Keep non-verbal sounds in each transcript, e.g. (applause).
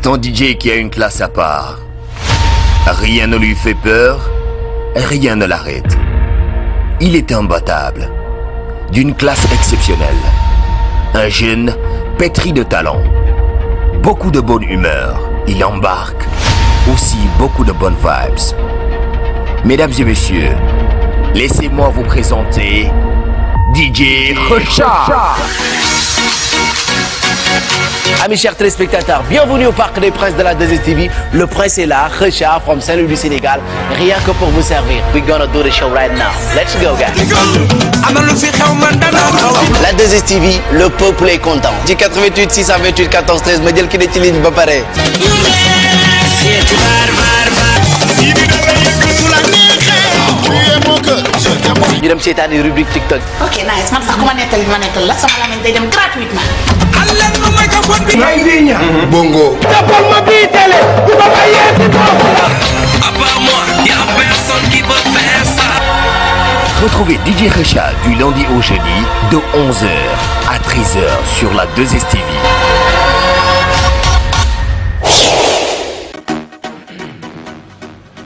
C'est un DJ qui a une classe à part. Rien ne lui fait peur, rien ne l'arrête. Il est imbattable, d'une classe exceptionnelle. Un jeune pétri de talent, beaucoup de bonne humeur. Il embarque aussi beaucoup de bonnes vibes. Mesdames et messieurs, laissez-moi vous présenter DJ Kheucha. Amis chers téléspectateurs, bienvenue au Parc des Princes de la 2STV. Le prince est là, Kheucha from Saint-Louis du Sénégal, rien que pour vous servir. We gonna do the show right now. Let's go guys. La 2STV, le peuple est content. Di 88 628 14 13 ma jël ki ne ci ligne ba pare. ñu dem seetaani rubrique TikTok. ok nice ma nettali ma la sama lamine day dem gratuitement. ma microphone bi. may diña. bongo. jàppal ma bii télé. bu ma la part moi, y a personne qui peut faire ça. Retrouvez DJ Kheucha du lundi au jeudi de 11 à 13 sur la stv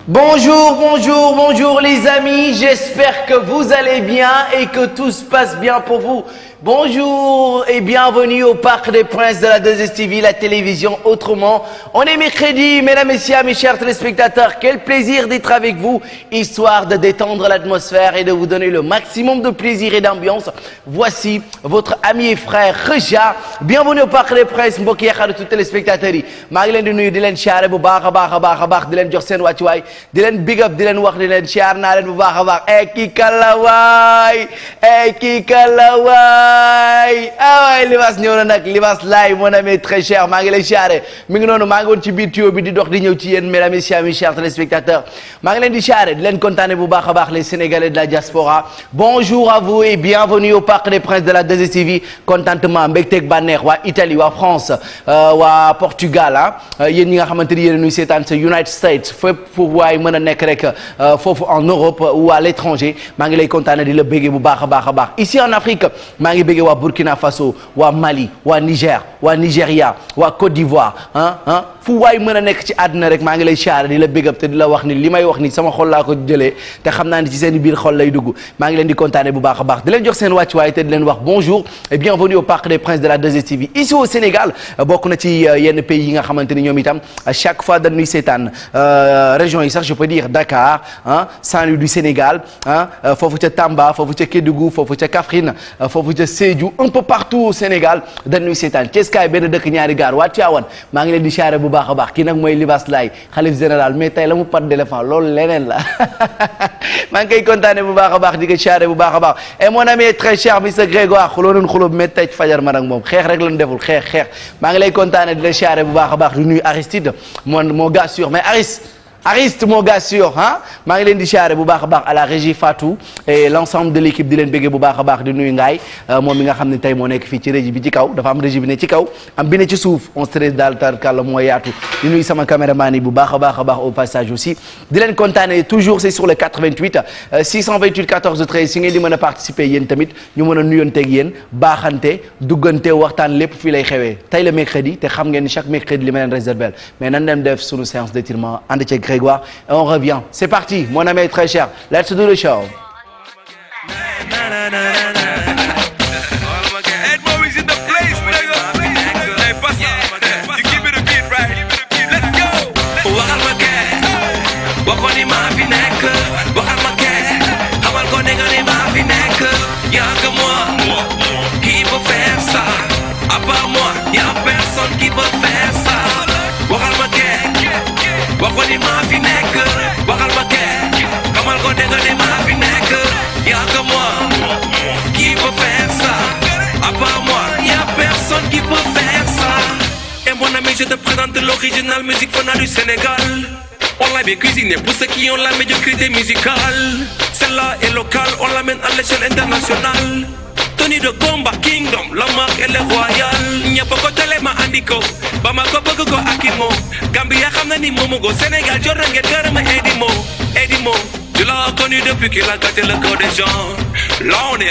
Bonjour, bonjour, bonjour les amis, j'espère que vous allez bien et que tout se passe bien pour vous. Bonjour et bienvenue au Parc des Princes de la 2STV, la télévision autrement. On est mercredi, mesdames, messieurs, mes chers téléspectateurs. Quel plaisir d'être avec vous, histoire de détendre l'atmosphère et de vous donner le maximum de plaisir et d'ambiance. Voici votre ami et frère Kheucha. Bienvenue au Parc des Princes, mbokk yi xaritu téléspectateurs yi. Maa ngi leen di nuyu di leen siyaare bu baax a baax a baax a a eh, waay na nag libaas laay mon ami très cher maa ngi lay siyaare mi ngi noonu maa ngi woon ci biir tuyau bi di dox di ñëw ci yéen mesdames et messieurs mes leen di siyaare di leen kontaane bu a baax les sénégalais de la diaspora bonjour à vous et bienvenue au parc des princes de la 2STV contentement mbégteeg bànneex waa Italie waa France euh, waa Portugal ah euh, yéen ñi nga xamante ni yéen ñuy seetaan sa United States fépp fu waay mën a nekk rek euh, foofu en Europe ou à l'étranger maa ngi lay kontaane di la béggee bu baax a baax a baax ici en Afrique ngi bëggee waa Burkina Faso waa Mali waa Niger waa Nigeria waa Côte d'Ivoire ah ah fu waay mën a nekk ci àdduna rek maa ngi lay siyaare di la bégab te di la wax ni li ci seen biir xol maa ngi leen di kontaane bu baax a baax di leen jox seen wàcc waaye te di leen wax bonjour et bienvenue au Parc des Princes de la Sénégal euh, bokk na ci euh, yenn pays yi nga xamante ni ñoom itam chaque fois dañuy seetaan euh, région yi sax je peux dire Dakar ah Saint-Louis du Sénégal ah foofu ca Tamba foofu ca Kédougou foofu ca Kaffrine Sédhiou un peu partout au Sénégal dañuy seetaan ci Sky benn dëkk ñaari gaar waa Tivaouane maa ngi leen di xaare bu baax a baax kii nag mooy Libaas Laay xalif général mais la mu pat d'éléphant loolu leneen la (laughs) maa ngi koy bu baax a baax di ko xaare bu baax a baax et mon ami très cher monsieur Grégoire xuloo nañ xuloo fajar man ak moom xeex rek lañ deful xeex xeex maa ngi lay kontaane di la xaare bu baax a baax du nuyu Aristide moom Arist moo gars sur ah maa ngi leen di siyaare bu baax a baax à la régie Fatou et l' ensemble de l' di leen béggee bu baax a baax di nuyu ngaay euh, moom mi nga xam ne tey moo nekk fii ci régie bi ci kaw dafa am régie bi ne ci kaw am bi ne ci suuf on se traite daal tar kàlla moo yaatu di nuyu sama caméraman yi bu baax a baax a baax au passage aussi di leen kontaanee toujours c' est sur le 88 628 euh, si ngeen di a participer yéen tamit ñu mën a nuyonteeg yéen baaxante duggante lépp fii lay xewee tey la mercredi xam ngeen ni chaque mercredi li ma leen réserver mais nan dem Grégoire. Et on revient. C'est parti, mon ami est très cher. Let's do the show. original musique venant du Sénégal. On l'avait cuisinée pour ceux qui la médiocrité musicale. Celle-là est locale, on l'amène à l'échelle internationale. Tony de combat, Kingdom, la marque elle est royale. ñëpp a ko télé ma andi ba ma ko bëgg ko akimo xam na ni moomu ko Sénégal jot na ngeen gërëm a Edimo Edimo. Tu l'as connu depuis qu'il a le cœur des gens. Là on est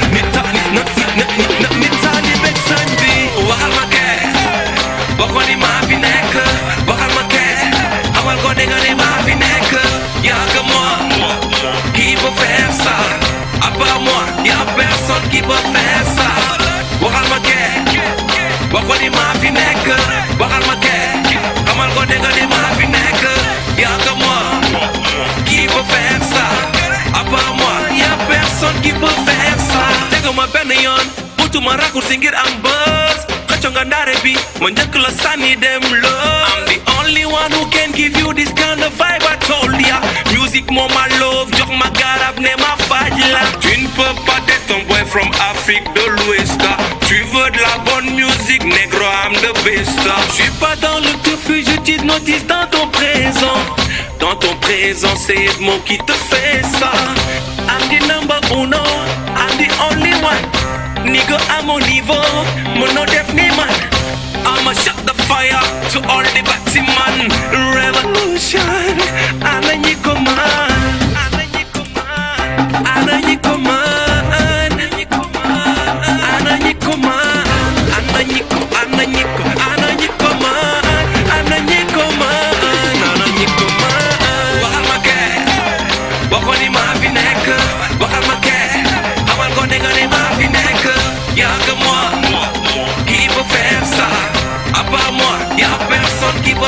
pas moi y'a personne qui peut faire ça waxal ma kee wax ko ni maa ma kee xamal ko ne nga ma benn yoon utuma raccourci ngir am bës xëcco nga ndaare bi ma njëkk la sànni dem loo I'm only one who can give you this kind of vibe I told ya music moom ma love là Tu ne peux pas être un from Afrique de l'Ouest Tu veux de la bonne musique, négro I'm the best Je suis pas dans le tofu, je t'hypnotise dans ton présent Dans ton présent, c'est Edmond qui te fait ça I'm the number uno, I'm the only one Nigga à mon niveau, mon nom def ni man I'ma shut the fire to all the Batman Revolution gi ba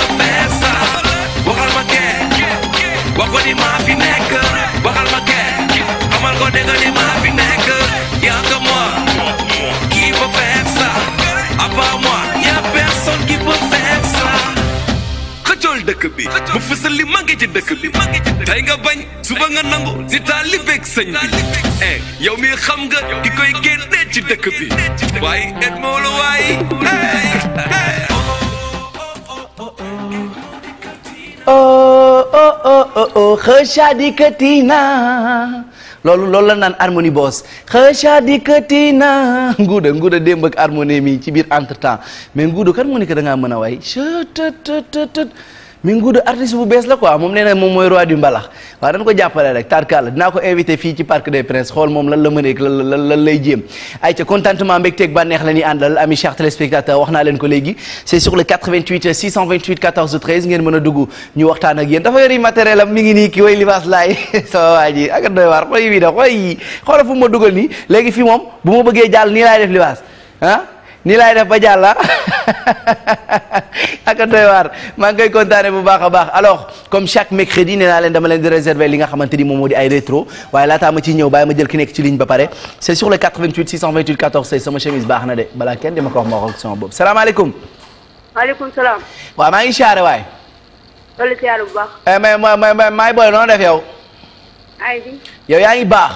a personne qui dëkk bi mu li màgg ci dëkk bi tey nga bañ suba nga nangu ni taalibeeg sëñ bi eh mi xam nga ki koy génnee ci dëkk bi waaye et moolu waaye xëcadikatina loolu loolu la naan harmonie boos xëcadikatina nguuda nguuda démb ak harmonie mi ci biir entre temps mais nguuda kan moo ni que da ngaa mën a waay cëtëtëtët mi nguuda artiste bu bees la quoi moom nee moom mooy roi du mbalax waaw dañ ko jàppale rek tarkal dinaa ko invité fii ci Parc des Princes xool moom lan la mën a lan lan lay jéem ay ca contentement mbégteeg bànneex la ñuy àndal ami chers wax naa leen ko léegi c'est sur le 88 628 14 13 ngeen mën a dugg ñu waxtaan ak yéen dafa yori matériel am mi ngi nii ki way libaas laay (laughs) sama waa ji ak doy waar xoy wi da xoy xoola fu ma dugal nii léegi fii moom bu ma bëggee jàll nii laay def libaas ah, ba jàlla ah. (laughs) (laughs) aka doy waar maa ngi kontaane bu baax a baax alors comme chaque mercredi nee naa leen dama leen di réserver li nga xam ni moom moo di ay rétro waaye laataa ma ciy ñëw bàyyi ma jël ki nekk ci ligne ba pare c'est sur le 88 628 14 16 sama chemise baax na de balaa kenn dama ma wax ak sama bopp salaamaaleykum. salaam. waaw maa ngi siyaare waay. loolu siyaare bu baax. Eh, mais ma ma ma def yow. maa ngi. yow yaa ngi baax.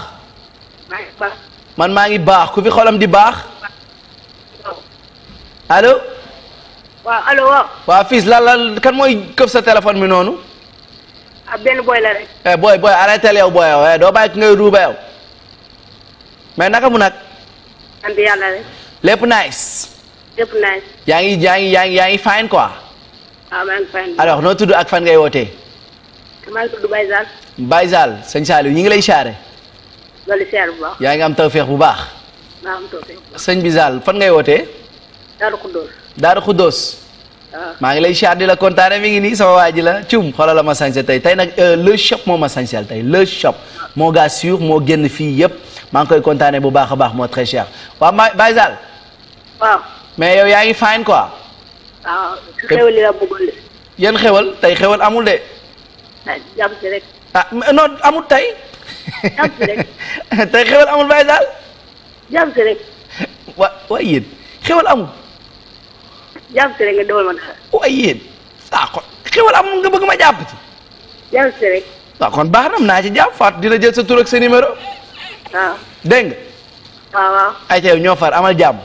baax. man maa ngi baax ku fi xolam di baax. allo. waaw allo waaw. waaw la kan mooy këf sa téléphone bi noonu. ah benn boy la rek. eh boy boy arrêté yow boy yow eh, doo bàyyi ki ngay ruuba yow mais naka mu nag. sant yàlla nice. yaa ngi yaa ngi yaa yaa ngi fine quoi. waaw ah, maa tudd ak fan ngay wootee. maa ngi tudd Baye Zal. Baye ñu ngi lay siyaare. yaa ngi am tawféex bu baax. maa bu baax. bi Zal fan ngay wootee. Daaru Khuddoos. Ah. maa ngi lay siyaar di la kontaane mi ngi nii sama waa ji la cum xoolal ma sañse tey tey nag euh, le shop moo ma sañseel tey le shop moo gaa sûr moo génn fii yëpp maa ngi koy kontaane bu baax a baax moo très cher waaw ma Baye Zal. waaw mais yow yaa ngi fine quoi. Ah, yan xéwal tey xéwal amul de. Ah, jàmm non amul tey. jàmm si (laughs) xéwal amul Baye wa waaye yéen amul. jàpp si rek nga defal ma dara. waaye yéen ah kon xéwal am nga bëgg ma jàpp ci. jàpp kon baax na naa ci jàpp Fatou dina jël sa tur ak sa numéro. waaw dégg nga. waaw ñoo far amal jàmm.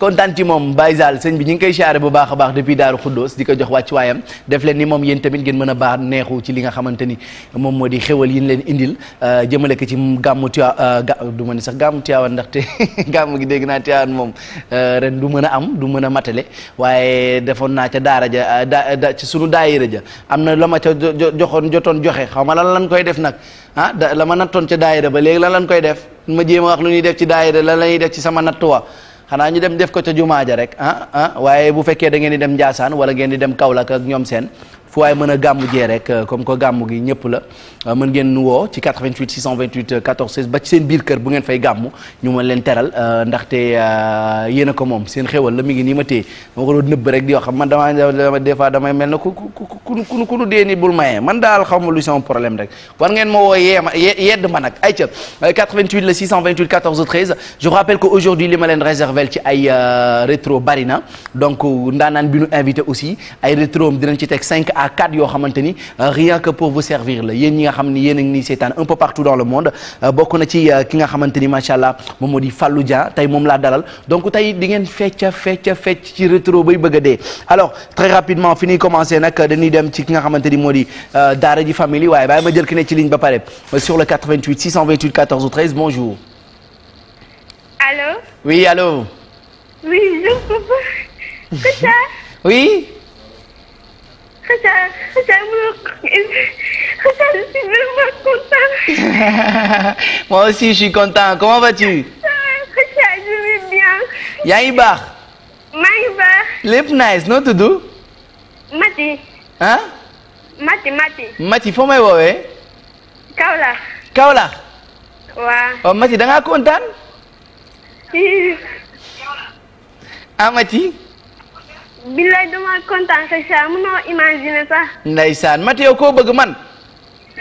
kontaan ci moom Baye Zal sëñ bi ñu ngi koy siyaare bu baax a baax depuis Daaru Xuddoos di ko jox wàcc waayam def leen ni moom yéen tamit ngeen mën a baax neexu ci li nga xamante ni moom moo di xewal yi ñu leen indil euh, jëmale ko ci gàmmu Tiwaawan euh, du ma ni sax gàmmu Tiwaawan ndaxte (laughs) gàmmu gi dégg naa Tiwaawan moom euh, ren du mën a am du mën a matale waaye defoon naa ca daara ja da ci sunu daayira ja am na la ma ca joxoon jotoon joxe xaw ma lan lan koy def nag ah da la ma nattoon ca daayira ba léegi lan lan koy def ma jéem lu ñuy def ci daayira lan la ñuy def ci sama nattuwa xanaa ñu dem def ko ca jumaa a rek ah, ah, waaye bu fekkee da ngeen di dem Njaasaan wala ngeen di dem Kaolack ak ñoom seen fu waaye mën a gàmmu jee rek euh, comme que gàmmu gi ñëpp la euh, mën ngeen nu woo ci 88 628 14 16 ba ci seen biir kër bu ngeen fay gàmmu ñu mën leen teral euh, ndaxte yéen a ko moom seen xéwal la mi ngi nii ma téye moo ko daal xaw ma lu sama problème rek war ngeen ma woo yee yedd ma nag ayca 88 la 628 14 13 aujourd'hui li ma leen réservé ci ay rétro bari na donc ndaanaan bi nu invité aussi ay rétro dinañ ci teg à quatre yoo xamante ni euh, rien que pour vous servir la yéen ñi nga xam ni yéen a ngi nii seetaan un peu partout dans le monde euh, bokk na ci euh, ki nga xamante ni macha allah moom moo di Fallou Dia tey moom laa dalal donc tey di ngeen fecca fecca fecc ci rétro bay bëgg a alors très rapidement fi ñuy commencé nag dañuy dem ci ki nga xamante ni moo di Daara ji famille waaye bàyyi ma jël ki ne ci ligne ba pare sur le 88 628 14 ou 13 bonjour. allô. oui allô. oui je. Xasaar xasaar mënoo xasaar je suis vraiment content. moi aussi je suis content comment vas-tu. xasaar je vais bien. yaa ngi baax. maa ngi baax. lépp nice noo tudd. Mati. ah. Mati Mati. Mati foo may woowee. Kaolack. billaay dama kontaan sax saa mënoo imaginer sax. ndeysaan Mate yow koo bëgg man.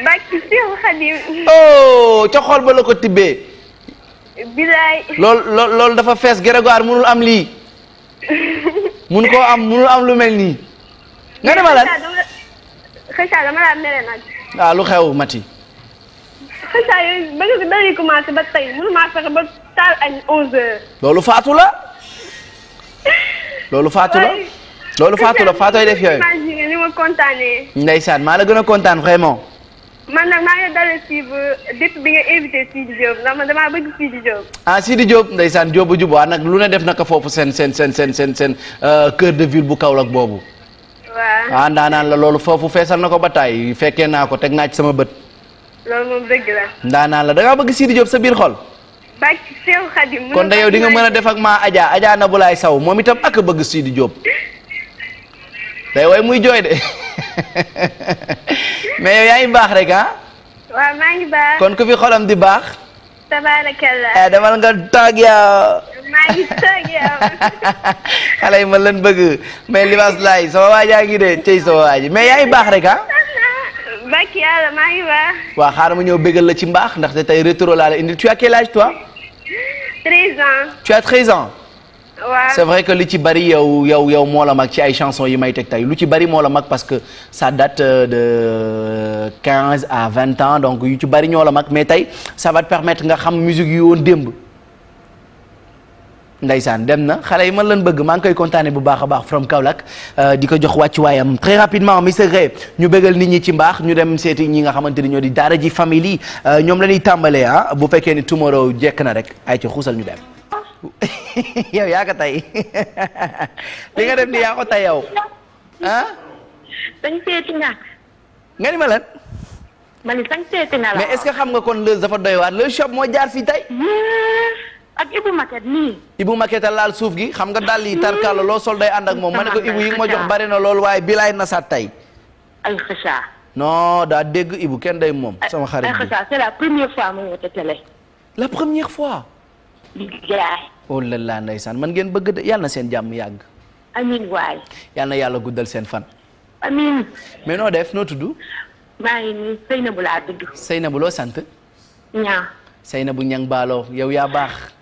bàkki Seexu Xadim. oh ca xol ba la ko tibbee. billaay. lool lool dafa fees Grégoire munul am lii. (laughs) mun koo am munul am lu mel nii. nga demal lan xëcaa dama laa mere nag. waaw ah, lu xew Mati. xëcaa yooyu ba nga dañuy ba tey mënu maa fexe ba taal añ 11 loolu faatu (laughs) loolu faatu la loolu faatu la faatooy def yooyu. ni ma maa la gën a kontaan vraiment. man nag maa ngi dalee ci depuis bi nga invité Sidi Diop ndax man damaa a Sidi Diop. ah ndeysaan Diop bu nag lu ne def na ko foofu seen seen seen seen seen seen euh, cœur de ville bu Kaolack boobu. waaw ah, ndaanaan la loolu foofu feesal na ko ba taay fekkee naa ko teg naa ci sama bët. loolu moom dëgg la. ndaanaan la da bëgg bëgg di Diop sa biir xol. kon da yow di nga mën a def ak maa Adja Adja Nabulaay Saw moom itam ak bëgg Sidi Diop day way muy jooy de (laughs) mais yow baax rek ah. kon ku fi xolam di baax. Eh, demal nga toog yow. maa ngi (laughs) xale yi ma leen bëgg mais libaas laay sama waa jaa ngi de cey sama waa ji mais yaa baax rek ah. waa (laughs) yàlla mu ñëw bégal la ci mbaax ndaxte tey rétro laa la indil tu as toi. 13 ans. tu as 13 ans. c'est vrai que li ci bari yow yow yow moo la mag ci ay chansons yi may teg tey lu ci bari moo la mag parce que ça date euh, de 15 à 20 ans donc yu ci bari ñoo la mag mais tey ça va te permettre nga xam musique yu démb. Ndeysaan dem na xale yi man lan bëgg maa ngi koy kontaane bu baax a baax from Kaolack euh, di ko jox wàccuwaayam très rapidement monsieur Guèye ñu bëggal nit ñi ci mbaax ñu dem seeti ñi nga xamante ni ñoo di daara ji famille euh, ñoom la ñuy tàmbalee ah bu fekkee ni tomorrow jekk na rek ay ci xuusal ñu dem. (laughs) yow yaa ko (laughs) nga def ni yaa ko tay yow ah. dañ mais est-ce que xam nga kon lëz dafa doy waar le shop moo jaar fii tey. Hmm. ak Ibou a laal suuf gi xam nga dàll yi hmm. tarkaalo loo sol day ak moom ma ne ko Ibou yi ma jox bari na lool waaye bilaay na sa tey. no xëcaa. non daa dégg Ibou kenn day moom. sama xarit bi ay xëcaa c'est la première fois oh man ngeen bëgg de yàlla na seen jàmm yàgg. amiin yàlla yàlla guddal seen fan. amiin. mais noo def noo tudd. maa ngi nii Seynabou loo sant. ñaa. Seynabou ñang baaloo yow yaa baax.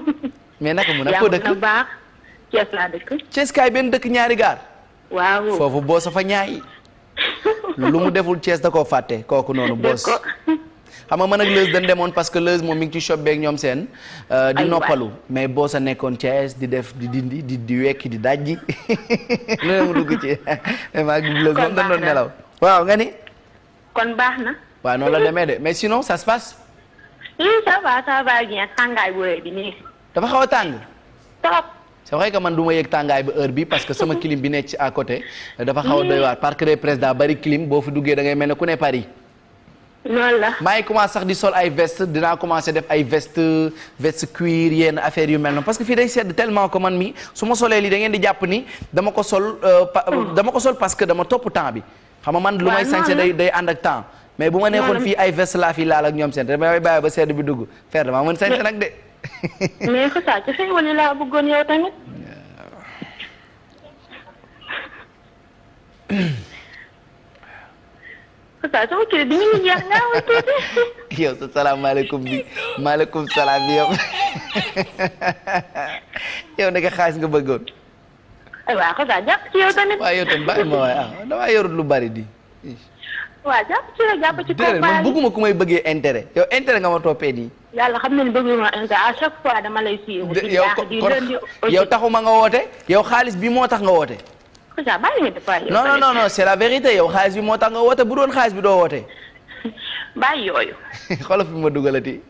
(laughs) mais naka mun a foo dëkk yaa baax Thiès laa dëkk. Thiès kaay benn dëkk ñaari gaar. waaw foofu boos a fa ñaay. lu mu deful Thiès da koo fàtte kooku noonu (laughs) boos. xam ma man ak Leuz dañ demoon parce que Leuz moom mi ngi ci shop beeg ñoom seen. Euh, di noppalu mais boo sa nekkoon Thiès di def di dindi di di wekki di dajji (laughs) loolu mu dugg ci mais maa ngi Leuz moom dañ nelaw. waaw nga ni. kon baax na. waaw noonu la demee de mais sinon ça se oui ça va ça tàngaay bu dafa xaw a tàng. trop. c'est vrai man du ma yëg tàngaay ba heure bi parce que sama clim bi nekk à côté. dafa xaw a doy waar parc des Princes bari clim boo fi duggee dangay ngay mel ne ku ne Paris. loolu la maa ngi commencé sax di sol ay vest dinaa commencé def ay vest vest cuir yenn affaire yu mel noonu parce que fi day sedd tellement ko man mi su ma solee lii da ngeen di jàpp ni dama ko sol. Euh, hmm. dama ko sol parce que dama topp temps bi. xam nga man lu may sañse day day ànd ak temps. mais bu ma nekkoon fii ay veste laa fi laal ak ñoom seen damay bàyyi ba sedd bi dugg fer damaa mën sañse nag de. mais Fatou ci xéewal yi laa bëggoon yow tamit. Fatou sama sa salaamaaleykum bi maaleykum salaam bi yow yow naka xaalis nga bëggoon. waaw Fatou jàpp ci yow tamit. waaw yow tamit bàyyi ma waay ah damaa yorut lu bari di. waaw jàpp ci man bëgguma ku may bëggee intérêt yow intérêt nga ma toppee nii. yàlla xam na ne bëgguma intérêt à chaque fois dama lay yow kon yow taxuma nga woote. yow xaalis bi moo tax nga woote. xanaa bàyyi nga non non non c'est la vérité yow xaalis bi moo tax nga woote bu doon xaalis bi doo woote. (laughs) bàyyi yooyu. (laughs) xoolal fi ma dugal a dugalati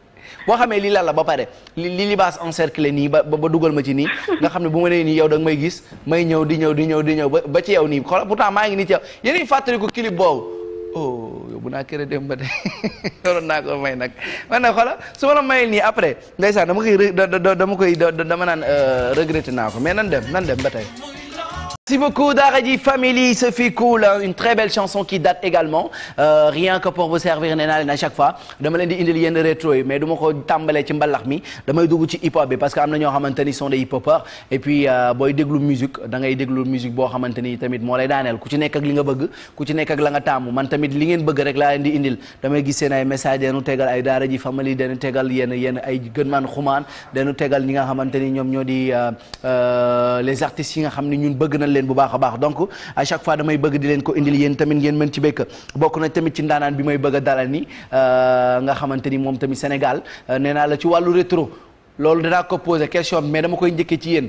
boo xamee lii lan la ba pare li li libaas encerclé nii ba ba dugal ma ci nii nga xam ne bu ma nee nii yow da nga may gis may ñëw di ñëw di ñëw di ñëw ba ci yow nii xoolal pourtant maa ngi nii ci yow yéen fàttaliku clip boobu oh yow bu naa kër dem ba de (laughs) naa ko may nag man nag xoola su ma la mayee nii après ndeysaan dama koy dama koy dama naan euh, regretté naa ko mais nan dem nan dem ba tey Merci beaucoup Daara J Family ce fut cool une très belle chanson qui date également euh, rien que pour vous servir naa leen à chaque fois dama leen di indil yenn rétro yi mais du ma ko tàmbalee ci mbalax mi damay dugg ci hip hop bi parce que am na ñoo xamante ni sont des hip hopeurs et puis euh, booy déglu musique da déglu musique boo xamante ni tamit moo lay daaneel ku ci nekk li nga bëgg ku ci nekk ak la nga taamu man tamit li ngeen bëgg rek laa leen di indil damay gis seen ay message danu tegal ay nga xamante ni ñoom ñoo di euh, les nga xam ne ñun bëgg na leen bu baax a baax donc à chaque fois damay bëgg di leen ko indil yéen tamit ngeen mën ci békk bokk na tamit ci ndaanaan bi may bëgg a dalal ni euh, nga xamante ni moom tamit Sénégal euh, nee naa la ci wàllu rétro loolu danaa ko poser question bi mais dama koy njëkkee ci yéen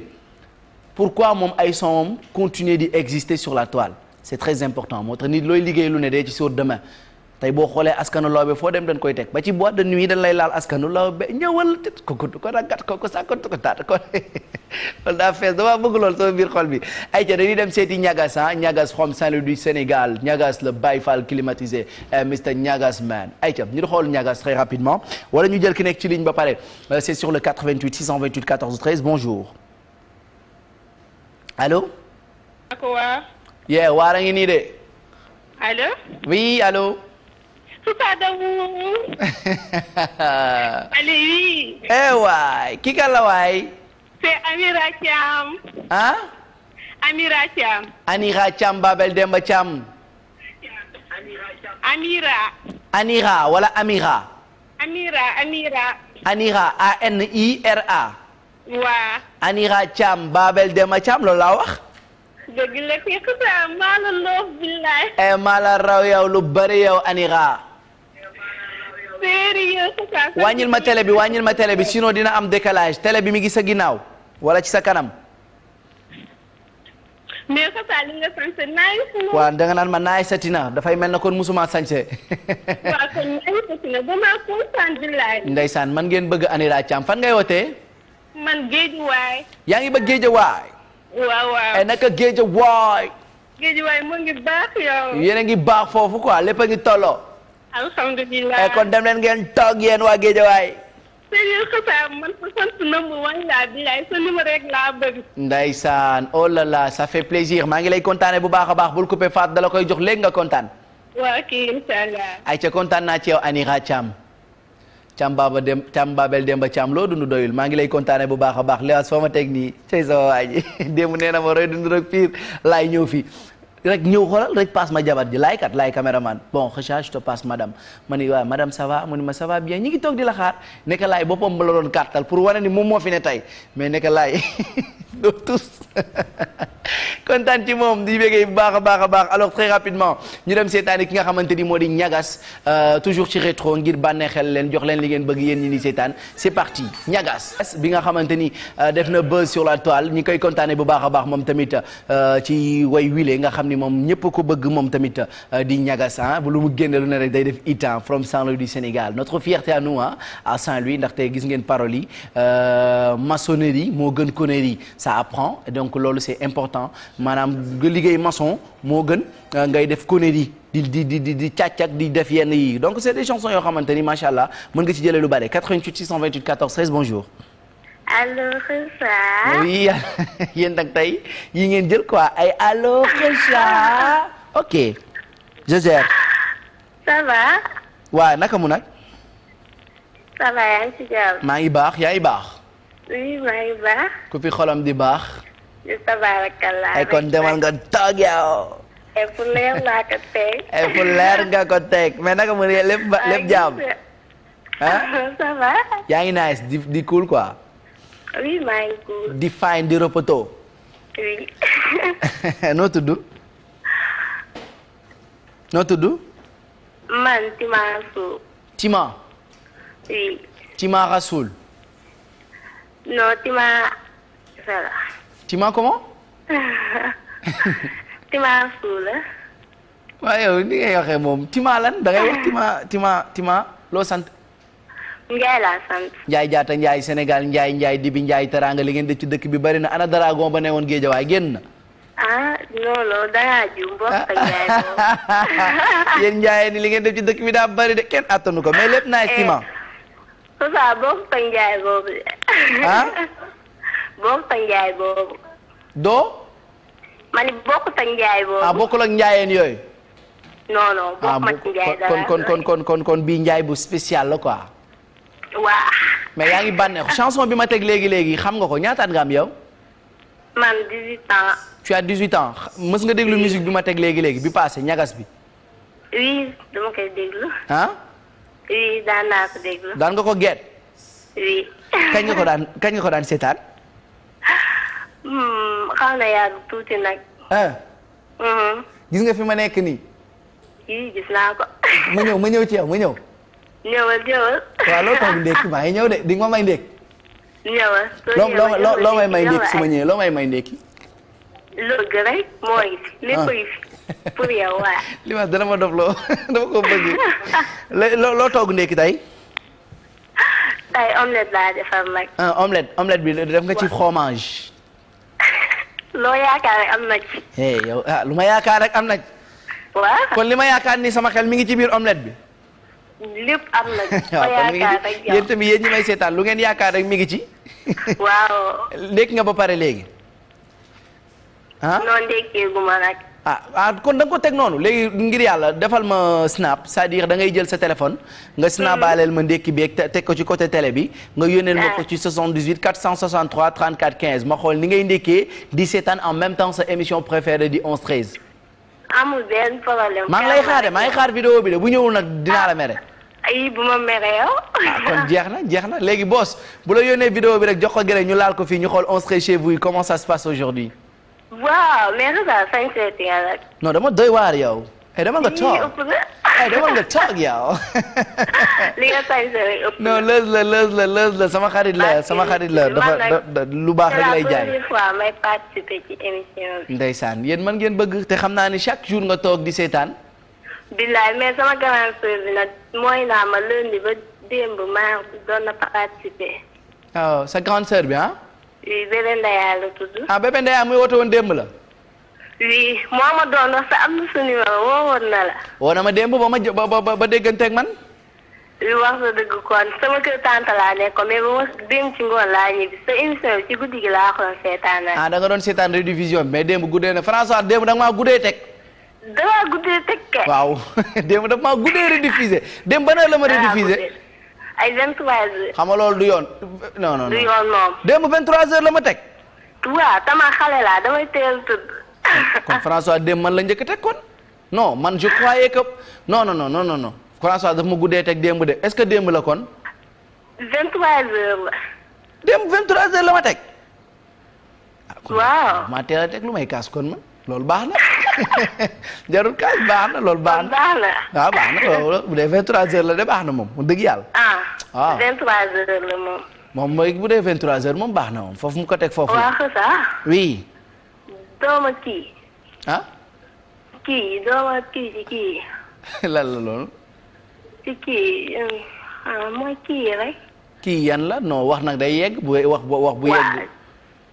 pourquoi moom ay son continuer di exister sur la toile c'est très important moo tax nit looy liggéey lu ne dee ci sur demain tey boo xoolee askanu lawbe foo dem dañ koy teg ba ci boîte de nuit dañ lay laal askanu lawbe ñëwal tit ko gudd ko ragat ko ko sàkkot ko taat ko (laughs) loolu daa fees damaa bëgg lool sama biir xol bi ay ca dañuy dem seeti ñagas ah from Saint-Louis du Sénégal ñagas le Baye Fall climatisé eh, Mr ñagas man ay ca ñu di xool ñagas très rapidement wala ñu jël nekk ci ligne ba pare euh, c'est sur le bonjour allo ako waa yee nii de allo oui allo (laughs) Aliou. eh waay ki kan la waay. c'est Amira Thiam. ah. Amira Babel Demba Thiam. Amira. Anira wala Amira. Amira Amira. Anira A N I R Babel Demba Thiam loolu laa wax. dëgg la kii sa maa la billaay. Eh, maa la raw yow lu bari yow Anira. wàññil ma télé bi wàññil ma tele bi sinon dina am décalage télé bi mi gis sa ginnaaw wala ci sa kanam. mais Fapal naan ma naaj satina dafay mel na kon musuma sañse. waaw kon ndeysaan man ngeen bëgg Anira Thiam fan ngay wootee. man yaa ngi ba Géejawaay. waaw waaw et eh, naka Géejawaay. Géejawaay mu ngi baax yow. yéen ngi baax foofu quoi lépp a ngi tolloo. alhamdulilah kon dem leen ngeen toog yéen waa Géejawaay. sëñ Xassam man sant number one sa numéro rek laa oh fait plaisir maa ngi lay kontaanee bu baax a baax bul coupé Fatou dala koy jox léegi nga kontaan. waaw kii incha allah. ayca naa ci yow Anira Thiam. Thiam Baba Dem Thiam Babel Demba Thiam loo dund doyul maa ngi lay kontaanee bu baax a baax li as ma teg nii cay sama waa ji (laughs) démb nee roy dund rek pire laay ñëw fii. rek ñëw xoolal rek passe ma jabar ji laay kat laay caméraman bon recharge te passe madame ma ni waaw madame mu ni ma ça va bien ñi ngi toog di la xaar nekk laay boppam la doon kàttal pour wane ni moom moo fi ne tey mais nekk laay doo (laughs) tus (laughs) (laughs) kontaan ci moom di béggee bu baax a baax a baax alors très rapidement ñu dem seetaani ki nga xamante ni moo di ñagas euh, toujours ci rétro ngir bànneexel leen jox leen li ngeen bëgg yéen ñi ni seetaan c'est parti ñagas bi nga xamante ni euh, def na buzz sur la toile ñi koy kontaane bu baax a baax moom tamit euh, ci way wile nga xam ni moom ñëpp ko bëgg moom tamit di ñagas ah bu lu mu génne lu ne rek day def itam ah, from Saint-Louis du Sénégal notre fierté à nous a ah, à Saint-Louis ndaxte gis ngeen paroles yi maçonnerie moo gën connerie ça apprend donc important maanaam nga liggéey maçon moo gën euh, ngay def connerie di di di di di càccak di def yenn donc c'est des yoo xamante ni macha allah mën nga ci jëlee lu bare 88 628 14 13 bonjour. allo Kheucha. oui (laughs) yéen nag tey yi ngeen jël quoi ay allo Kheucha. (laughs) ok je gère. ça va. waaw naka mu nag. ça va yaa ngi ci jàmm. maa ngi baax yaa ngi baax. oui maa ngi baax. ku fi xolam di tabaarakallaa oh. ay kon demal nga toog yow. et fu leer laa ko teg. et fu leer nga ko teg mais naka mu ne lépp ba lépp jaam. ah ça va. yaa ngi nice di di cool quoi. oui maa ngi cool. di fine di ropoto. oui. (laughs) noo tudd. noo tudd. man Tima Rasoul. Tima. oui. Tima Rasoul. non Tima. Tima comment. (laughs) Tima Soula. waaw yow ni ngay waxee moom Tima lan da ngay wax Tima Tima loo sant. Njaay laa sant. Njaay jaata Njaay Sénégal Njaay Njaay dibi Njaay teraanga li ngeen ci dëkk bi bari na ana dragon ba ne woon Géejawaay génn na. ah non non dangaa ju mbokk ah. Njaay moom. (laughs) li ngeen def de kenn attanu ko mais lépp naaj Tima. Eh, Moussa bokk ak Njaay boobu de. Ah? (laughs) bokk sa njaay boobu. doo. ma ni bokk sa njaay boobu. ah bokkul ak njaayeen yooyu. non non bokkuma ah, ci njaay dara bii njaay bu spécial la quoi. waaw. mais yaa ngi bànneex chanson bi ma teg léegi léegi xam nga ko ñaataat nga am yow. man 18 ans. tu as 18 ans mës nga déglu musique bi ma teg léegi léegi bi passé ñagas bi. dama koy déglu. ah. daan nga ko get. kañ nga ko daan kañ nga ko daan seetaan. Hmm, xaw na tuuti nag. Ah. Hmm. gis nga fi ma nekk nii. yii ma ñëw ma ñëw ci yaw ma ñëw. ñëwal ñëwal. waaw loo tax ndékki maa ngi ñëw de di ma may ndékki. ñëwal. loo loo may may ndékki su ma ñëwee loo may may ndékki. Ah. (laughs) li ma dana ma dof loo (laughs) dama ko bëgg. loo loo togg ndékki tey. tey omelette ah, omelette omelette bi def nga ci fromage. loo yaakaar am na ci. eh yow ah lu ma yaakaar rek am na kon li ma yaakaar ni sama xel mi ngi ci biir omelette bi. lépp am na ci. (laughs) waaw ngi ci yéen tamit yéen ñi may seetaan lu ngeen yaakaar rek mi ngi ci. waaw. ndékki (laughs) nga ba pare léegi. ah non ndékkeegu ma nag. ah ah kon da ko teg noonu léegi ngir yàlla defal ma snap sa à dire da jël sa téléphone nga hmm. snapaleel ma ndékki bi teg ko ci côté télé bi nga yónneel ma ko ah. ci 78 463 34 15 ma xool ni ngay ndékkee di seetaan en même temps sa émission préférée di 11 13. amul benn maa ngi lay xaar de maa ngi xaar vidéo bi de bu ñëwul nag dinaa la mere. Ah, ay bu ma ah kon jeex na jeex na léegi boss bu la yónnee vidéo bi rek jox ko gërëm ñu laal ko fi ñu xool 11 13 chez vous comment ça se passe aujourd'hui waaw mais lu tax sañ see ti nga dama doy waar yow. hey dama nga toog hey dama nga toog yow. li nga la lëz la sama xarit la sama xarit la dafa lu baax rek lay jaay. première fois may participer ci émission bi. yéen man ngeen bëgg te xam naa ni chaque jour nga toog di seetaan. billaay mais sama grande sœur bi mooy naa ma lundi ba démb maa doon na participer. waaw oh, sa grande sœur bi ah? oui bébé Ndeya la tudd. ah bébé Ndeya muy woote woon démb la. oui moo ma doon wax sa am na sa numéro woo woon na la. woo ma démb ba ma jë ba ba ba dégganteeg man. oui wax nga dëgg kon sama kër tante laa nekkoon mais ba ma démb ah, da nga doon seetaan rediffusion mais démb guddee na François démb da nga maa guddee teg. da maa guddee teg kay. waaw (laughs) démb da maa guddee rediffusé démb ban heure la ma rediffusé. ay 23 heures. xam nga loolu du yoon. non non non du yoon moom. heures la ma teg. waaw tama xale laa damay teel tudd. (laughs) kon François démb man la njëkk a teg kon non man je croyais que non non non non non François daf ma guddee teg démb de est-ce que démb la kon. 23 heures la. heures la ma teg. Ah, waaw maa teel a teg lu may kaas kon ma loolu baax na. jarul kaas baax na loolu baax na waaw baax na loolu bu dee 23 heures la de baax na moom mu dëgg yàlla. ah waaw 23 heures la moom. moom mooy bu dee 23 heures moom baax na moom foofu mu ko teg foofu. waaw xasa. oui. dooma kii. ah. kii dooma kii ci kii. lan la loolu. ci kii mooy kii rek. kii yan la non wax nag day yegg bu wax wax bu yegg.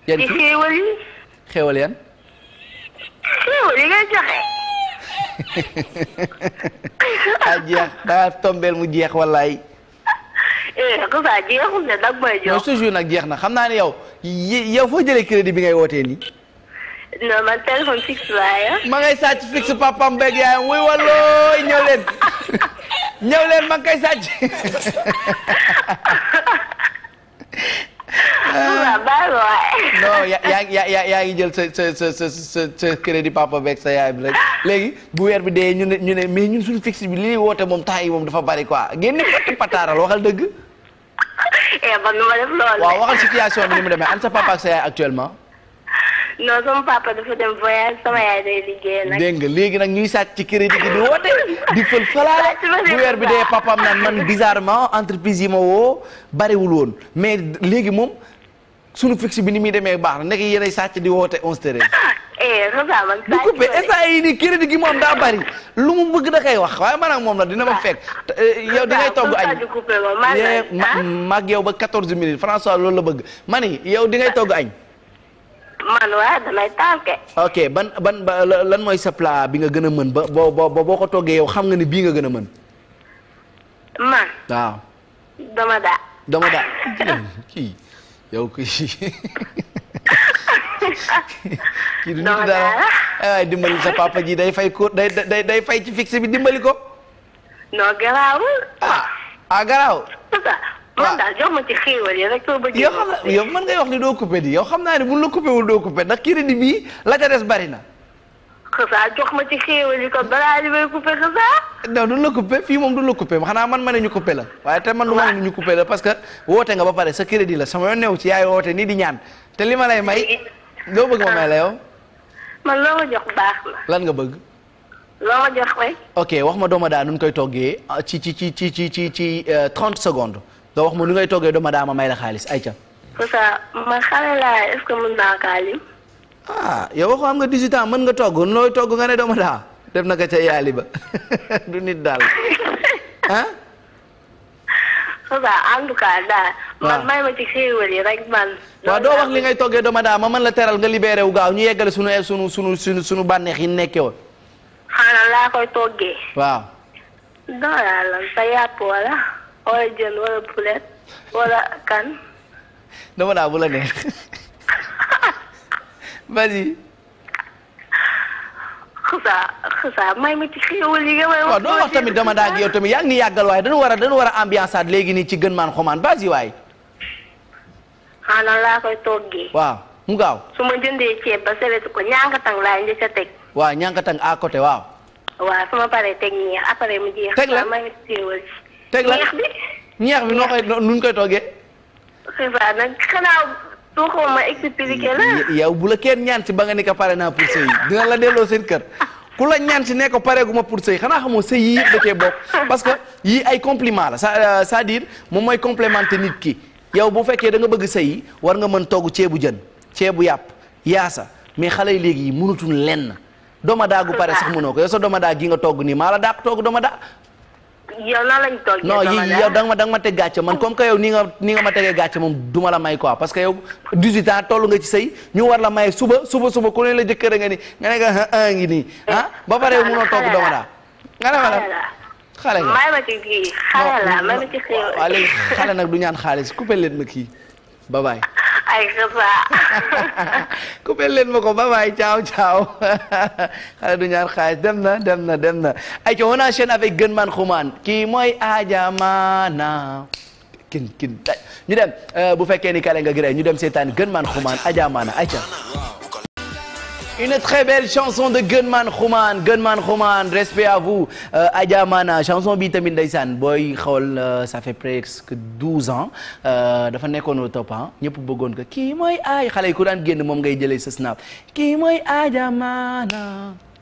yan kii xéewal yi. xéewal yan. xéewal yi ngay ah, joxe. a jeex dangaa tombeel mu jeex wallaay. (laughs) eh ku saa jeexul ne dag may jox. non toujours nag jeex na xam naa ne yow yow foo jëlee crédit bi ngay wootee nii. non man téléphone fixe laa ma ngay sàcc fixe papam beeg yaayam wuy walooy ñëw leen (laughs) ñëw leen ma ngay sàcc. (laughs) non yaa yaa yaa yaa ngi jël sa sa sa sa sa crédit papa beeg sa yaay bi rek léegi bu weer bi dee ñu ne ñu ne mais ñun suñu fixe bi li woote moom temps yi moom dafa bari quoi génne pati pataaral waxal dëgg. (laughs) eh man waaw waxal situation bi ni mu demee an sa papa ak sa yaay actuellement. non sama papa dafa dégg nga léegi nag ñuy sàcc ci crédit gi di woote di fël falaale bu bi dee papaam naan man bizarrement entreprise yi ma woo bariwul woon mais léegi moom sunu fixe bi ni muy demee baax na nekk yéen sàcc di woote on se tere. Ah, eh du coupé instant yii nii crédit gi moom daa bari lu mu bëgg da kay wax waaye maanaam moom la dina ma ah. fekk. Eh, yow di ngay togg añ. maag ah. yow ba 14 minutes François loolu la bëgg mani yow di ngay togg añ. man waaw damay tànke. ok ban ban ba lan mooy sa plat bi nga gën a mën ba boo boo ko toggee yow xam nga ni bii nga gën a mën. man. waaw. dama daa. (laughs) (laughs) kii du nit dara ay dimbali sa papa ji day fay ko day day fay ci fixe bi dimbali ko. non garaawul. ah ah garaaw. Ah. man daal jox ma ci xéewal yi yow xam na yow mën ngay wax ni doo coupé di yow xam naa ne buñ la coupé wul doo coupé ndax crédit bii la ca des bari na. xasaa jox ma ci xéewal yi ko balaa li may coupé xasaa. non duñ la fii moom duñ la coupé xanaa man ma ne ñu coupé la. waaye te man du ma ne ñu coupé la parce que woote nga ba pare sa crédit la sama yoon new ci yaay woote nii di ñaan te li ma lay may. loo bëgg ma may la yow. man loo ma jox baax la. lan nga bëgg. loo ok wax ma dooma daal nuñ koy toggee ah, ci ci ci ci ci ci ci 30 euh, secondes. nga wax ma nu ngay toggee doomu ma may la xaalis ay Moussa man xale laa est-ce que mën naa kaa ah yow waxoo am nga 18 mën nga togg nooy togg nga ne doomu daa def na ko ca yaali ba (laughs) du nit daal ah. (laughs) Moussa en tout daal. man ah. may ma ci xéewal yi rek man. waaw doo wax li ngay toggee doomu daa ma mën la teral nga libéré wu gaaw ñu yeggale sunu sunu sunu sunu sunu bànneex yi nekkee woon. xanaa laa koy toggee. waaw. doo la sa yàpp wala. wala jël wala poulet wala kan. dama daa bu la neex (laughs) vas-y. may ma ci xéewal yi nga may wax. tamit dama daa gi tamit yaa ni yàggal waaye dañu war a dañu war a ambiance aat ci gën maan xomaan vas-y waay. xanaa laa koy toggee. waaw mu gaaw. su ma jëndee ceeb ba seweti ko ñànkatang laay njëkk a teg. waaw ñànkatang à côté waaw. waaw su ma paree teg nii après mu jeex. teg la may ma ci xéewal yi. teg la ñeex bi ñeex noo koy nuñ koy toggee. xibaar yow bu la kenn ñaan si ba nga ni pare naa pour sëy dina la delloo seen kër. ku la ñaan si ne ko pareeguma pour sëy xanaa xamoo sëy yii yëpp da cee bokk parce que yii ay compliment la sa euh, sa dire moom mooy complémenté nit ki yow bu fekkee da nga bëgg sëy war nga mën togg ceebu jën ceebu yàpp yaasa mais xale yi léegi mënatuñ lenn doomadaa gu pare sax mënoo yow sa doomadaa gi nga togg nii maa la daa ko togg yow nan lañ toll. yow da ma da ma teg gàcce man comme ka yow ni nga ni nga ma tegee gàcce moom du ma la may quoi parce que yow 18 ans toll nga ci sëy ñu war la may suba suba suba ku ne la jëkkër nga ni nga ne nga a ah, ah, ngi nii eh, ah ba pare yow munoo toog dama daa. nga ne ma la xale ma ci kii xale la xale nag du ñaan xaalis coupé leen ma kii ba baay ayxasa ku mel leen ma ko ba baay ciao ciao (laughs) xale du ñaar xaalis dem na dem na dem na ay co on enchaîne avec gën man xumaan kii mooy ajamana kin kin ñu dem euh, bu fekkee ni kale nga gré ñu dem seetaan gën man xumaan ajamana ay ca une très belle chanson de Gunman Xuman Gunman Xuman respect à vous euh, Adja Mana chanson bi tamit ndeysaan booy xool euh, ça fait presque douze ans euh, dafa nekkoon au top ah ñëpp bëggoon ki kii mooy ay xale yi ku daan génn moom ngay jëlee sa snap kii mooy Adja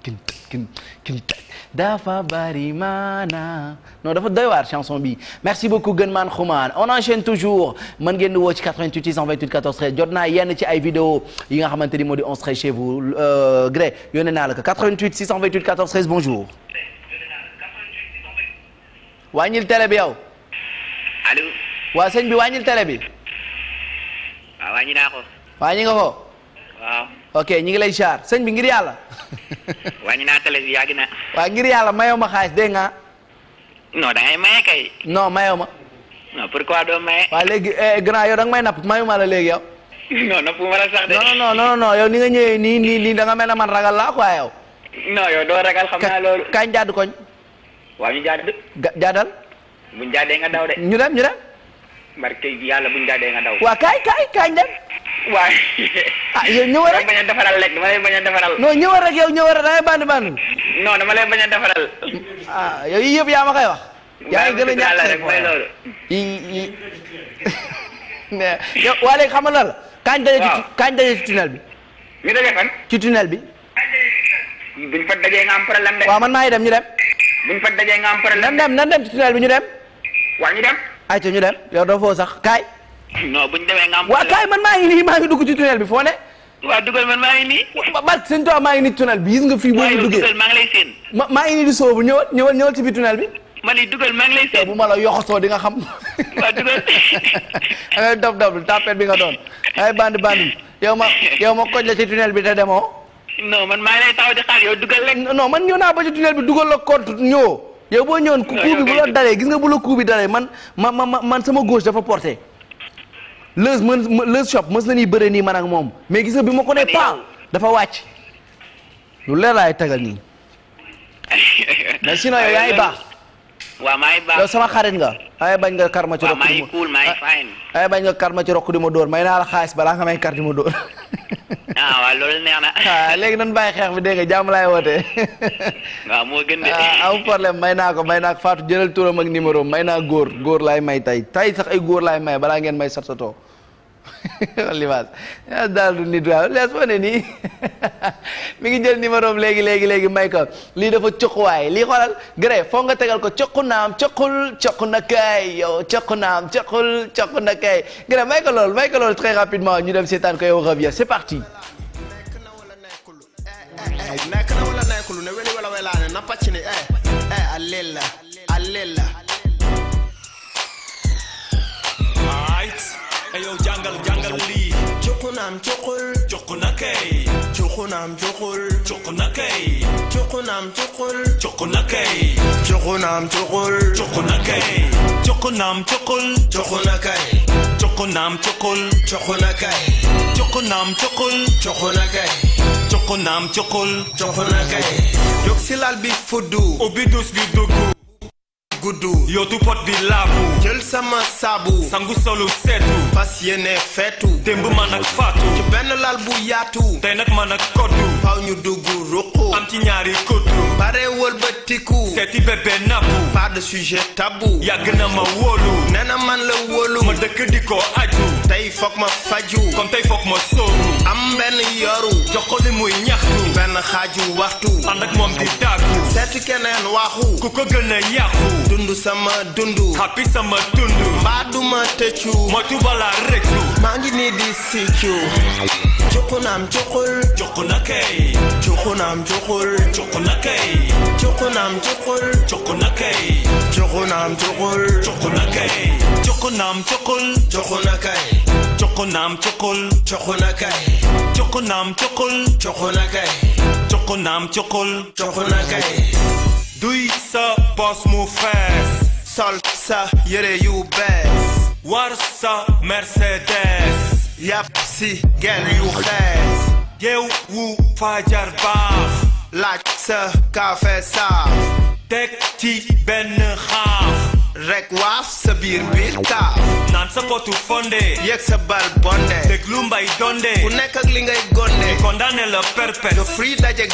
kinta kinta dafa bari maana no dafa doy waar chanson bi merci beaucoup gën maan xumaan on enchaîne toujours man ngeen di woo ci 88 628 14 13 jot naa yenn ci ay vidéo yi nga xamante ni moo di 11 13 chez euh, naa la ko 88 bonjour. wàññil télé bi yow. allo. waa sëñ bi wàññil télé bi. waaw wàññi naa ko. wàññi nga ko. ok ñu ngi lay char sëñ bi ngir yàlla. (laughs) wàññi naa télé bi yàgg na. waaw ngir yàlla mayoo ma xaalis dégg nga. non da ngay maye kay. non mayoo ma. non pourquoi doo maye. waaw léegi eh, grand yow da nga may napp mayu ma la léegi yow. (laughs) non napp ma la ni nga ñëwee nii nii nii da mel man ragal laa quoi yow. non yow doo ragal xam naa loolu. kañ ñu jaadu. ga jaadal. nga daw ñu dem ñu yàlla buñ jaadee nga daw. waa kaay kaay dem. waay. ah yow ñëwal rek bañ a defaral lekk dama lay bañ a defaral. non ñëwal rek yow ñëwal rek da ngay bandi bandi. non dama lay bañ a defaral. ah yow yii yëpp yaa ma koy wax. yaa ngi gën a ñàkk rek mooy loolu. yii yii (laughs) waa léegi xam nga lan la. kañ daje ci kañ daje ci tunnel bi. ñu daje fan. ci tunnel bi. buñ fa dajee nga am problème de. waaw man maa ngi dem ñu dem. buñ fa dajee nga am problème. nan dem nan dem ci tunnel bi ñu dem. waa ñu dem. ayca ñu dem yow doo foo sax kaay. non buñ demee nga am. kaay man maa ngi nii maa ngi bi foo maa ngi nii. ba ba sëñ Tuubaa maa ngi nii bi gis nga fii. boo ñu duggee waaw maa ngi lay seen. ma maa ngi nii di soobu ñëwal ñëwal ñëwal ci biir bi. ma ni dugal maa ngi nga xam. waaw dugal. (laughs) ay dof bi nga doon ay bandi bandi yow ma yow ma koj la bi te demoo. non man maa ngi lay taxaw di xaar yow dugal rek. man ñëw naa ba ci bi dugal la compte ñëw yow boo ñëwoon kuu bi bu la dalee gis nga bu la kuu bi dalee man ma ma man sama gauche dafa porté Leuz mën Leuz shop mës nañuy bëre nii man ak moom mais gis nga bi ma ko ne paa dafa wàcc lu leer laay tagal nii (laughs) mais sinon baax. waaw maa ngi sama xarit nga. ay bañ nga kar ma waaw maa ngi cool bañ nga karma ci rokk di ma dóor may naa la xaalis balaa nga may kar di ma dóor. (laughs) (laughs) Ah, waaw loolu neex na. Ah, léegi nan bàyyi xeex bi dégg jàmm laay woote. (laughs) waaw moo gën de. ah am may naa ko may naa ko Fatou jëlal turam ak numéro may naa góor góor laay may tey tey sax ay góor laay may balaa ngeen may sat satoo (laughs) libaas eh, daal du nit waaw lees (laughs) ngi jël numéro am léegi léegi léegi may ko lii dafa cuquwaay lii xoolal gré foog nga tegal ko cuqu naam cuqul cuqu na kaay yow cuqu naam cuqul cuqu na kaay gré may ko lool may ko très rapidement ñu dem seetaan ko yow revient c'est parti eh, eh, nekk na wala nekkul ne weli wala welaane na pàcc ni eh eh yow jàngal jàngal lii. Cukku naam cukkul. Cukku na kay. Cukku naam cukkul. Cukku na kay. Cukku naam cukkul. Cukku na kay. Cukku naam cukkul. Cukku na kay. Cukku naam cukkul. Cukku na kay. Cukku naam cukkul. Cukku na kay. Cukku naam cukkul. Cukku na kay. Cukku naam cukkul. Cukku na kay. Jóg si lal bi fuddu. ubbi dus bi dugg. guddu. yóotu pot bi laabu. sama saabu sangu solu seetu fas yéene feetu démb man ak faatu ci benn lal bu yaatu tey nag man ak koddu faw ñu dugg ruqu am ci ñaari koddu pare wëlbatiku seeti bébé nappu pas de sujet tabou yàgg na ma wóolu nee man la wóolu ma dëkk di ko aju tey foog ma faju comme tey foog ma sóoru am benn yoru jox ko li muy ñaxtu benn xaaju waxtu ànd ak moom di tàggu seeti keneen waxu ku ko gën a yàqu dund sama dund happy sama dund mbaa duma tëccu moytu balaa rëccu maa ngi nii di siccu cuqunaam cuqul cuqu na kay cuqunaam cuqul cuqu na kay cuqunaam cuqul cuqu na kay cuqunaam cuqul cuqu na kay cuqunaam cuqul cuqu na kay coxonaam cokol coxona kay coxonaam cokol coxona kay coxonaam cokol coxona kay duy sa bos mu fees sol sa yére yu bees war sa mercedes yàpp si gel yu xees yeew wu fajar baax laaj sa café saaf teg ci benn xaaf rek waaf sa biir bi taa naan sa potu fonde yegg sa bal bonde déglu mbay donde ku nekk li ngay gonde condamné la perpète le free dajek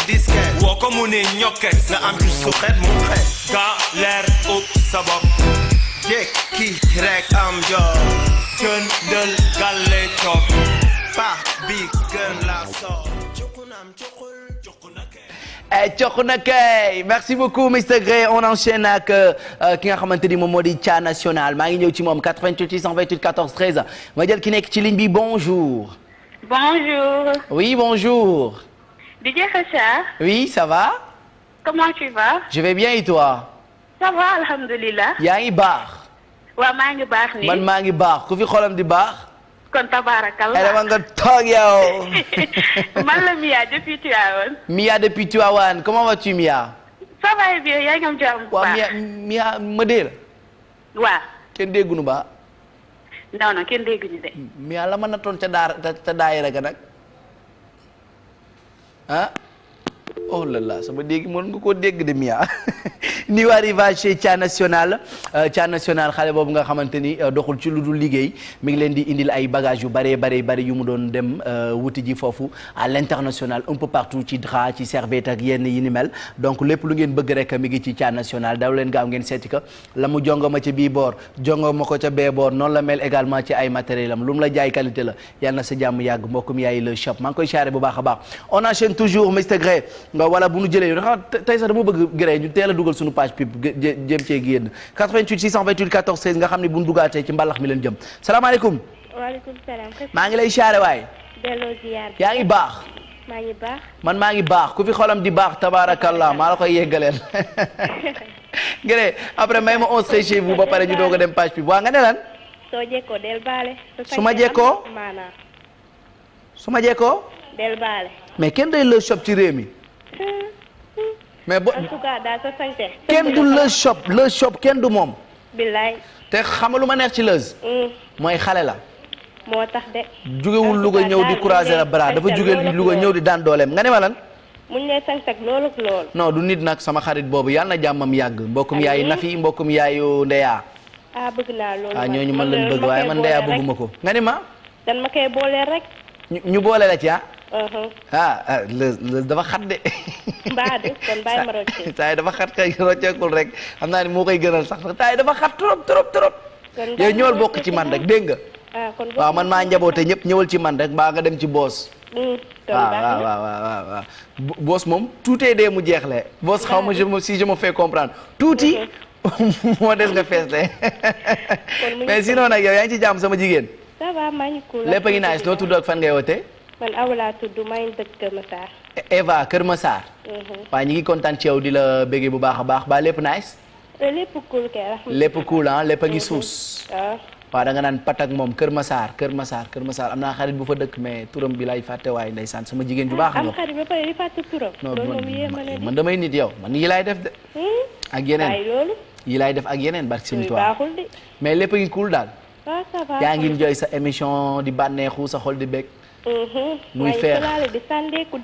woo ko mu ne ñokket nga am ci suxet mu xet leer ub sa bopp jékki rek am joor jëndal gàlle toog paax bi gën la soor Eh, Coxna Kay merci beaucoup Mr Gray on enchaîne ak euh, euh, ki nga xamante ni moom moo di Thia National maa ngi ñëw ci moom 88 628 14 13 ma jël ki nekk ci ligne bi bonjour. bonjour. oui bonjour. DJ Kheucha. oui ça va. comment tu vas. je vais bien et toi. ça va alhamdulilah. yaa ngi baax. waaw maa ngi baax nii. man maa ngi baax ku fi xolam di baax. kon tabaarakal oh. la dama nga (laughs) toog yow. man la Mia depuis Tivaouane. Mia depuis Tivaouane comment vas-tu Mia. ça va bien yaa ngi am jàmm bu baax ma dee la. kenn dégguñu ba. non kenn dégguñu de. Mia la ma nattoon ca daara ca daayira ah. oh là là sama dégg mën nga koo dégg de Mia (laughs) ni waa arrivage chez National euh, Thia National xale boobu nga xamante ni euh, doxul ci lu dul liggéey mi ngi leen di indil ay bagage yu bëree bëri bëri yu mu doon dem euh, wuti ji foofu à l'international un peu partout ci drap ci serviette ak yenn yi ni mel donc lépp lu ngeen bëgg rek mi ngi ci Thia National daw leen gaaw ngeen seeti ko la mu jongoma ca bii boor jongoma ko ca bee boor noonu la mel également ci ay matériel am lu mu la jaay qualité la yal sa jàmm yàgg mbokkum yaay le shop maa koy xaare bu baax a baax nga wala bu nu jëlee yoon tey sax dama bëgg gré ñu teel dugal suñu page pub jëm cee génn 88 628 14 16 nga xam ne bu nu dugaatee ci mbalax mi leen jëm salaamaaleykum. waaleykum maa ngi lay siyaare waay. yaa ngi baax. maa ngi man maa ngi baax ku fi xolam di baax tabaarakallah maa la koy yeggaleel. gré (laughs) après may ma on se chez ba pare ñu doog a dem page pub waa nga ne lan. su ma jekkoo. maanaam. su ma jekkoo. mais kenn day la shop ci réew mi. mais ba en tout cas kenn du lëz shop lëz shop kenn du moom. billaay. te xam lu ma neex ci lëz. Mm. mooy xale la. moo tax de. jugewul ñëw di croiser la bras dafa juge Louga ñëw di daan dooleem nga ne ma lan. mu ñu lay loolu ak loolu. du nit nag sama xarit boobu yàlla na jàmmam yàgg mbokkum yaayu Nafi mbokkum yaayu Ndeya. ah bëgg naa loolu ah ñooñu man lañ bëgg waaye man Ndeya bëgguma ko. nga ne ma. dan ma koy boole rek. ñu boole la ci ah. Uh-huh. ah, ah lës dafa xat de. mbaa de kon bàyyi (laughs) saa yi dafa xat kay rocceekul rek xam naa ne moo koy gënal sax taa yi dafa xat trop trop trop. ñëwal bokk ci man rek dégg nga. Ah, waaw man maa njaboote ñëpp ñëwal ci man rek mbaa nga dem ci boos. Mm, waaw waaw waaw waaw boos moom tuutee dee mu jeexle. boos xaw ma ah. je si je me fais comprendre tuuti. Mm-hmm. (laughs) moo des nga fees de (laughs) mais sinon nag yow yaa ngi ci jàmm sama jigéen. ça va maa ngi ak fan ngay wootee. man aw laa tudd Kër Massar. Eva mhm. waaye ñu ngi kontaan ci yow di la béggee bu baax a baax baa lépp nice. Eh, lépp cool kay ah, lépp a ngi mhm. suus. Ah. waaw da nga naan pat ak moom Kër Massar Kër Massar Kër Massar am naa xarit bu fa dëkk mais turam bi laay fàtte waaye ndeysaan sama jigéen ju baax. Ah, am xarit ba pare di fàtte turam. man damay nit yow man yi laay def de. Hmm? ak yeneen yi laay def ak yeneen barke suñu toit mais lépp a ngi cool daal. yaa ngi enjoy sa émission di bànneexu sa xol di bég muy feex waaye bi sàndeeku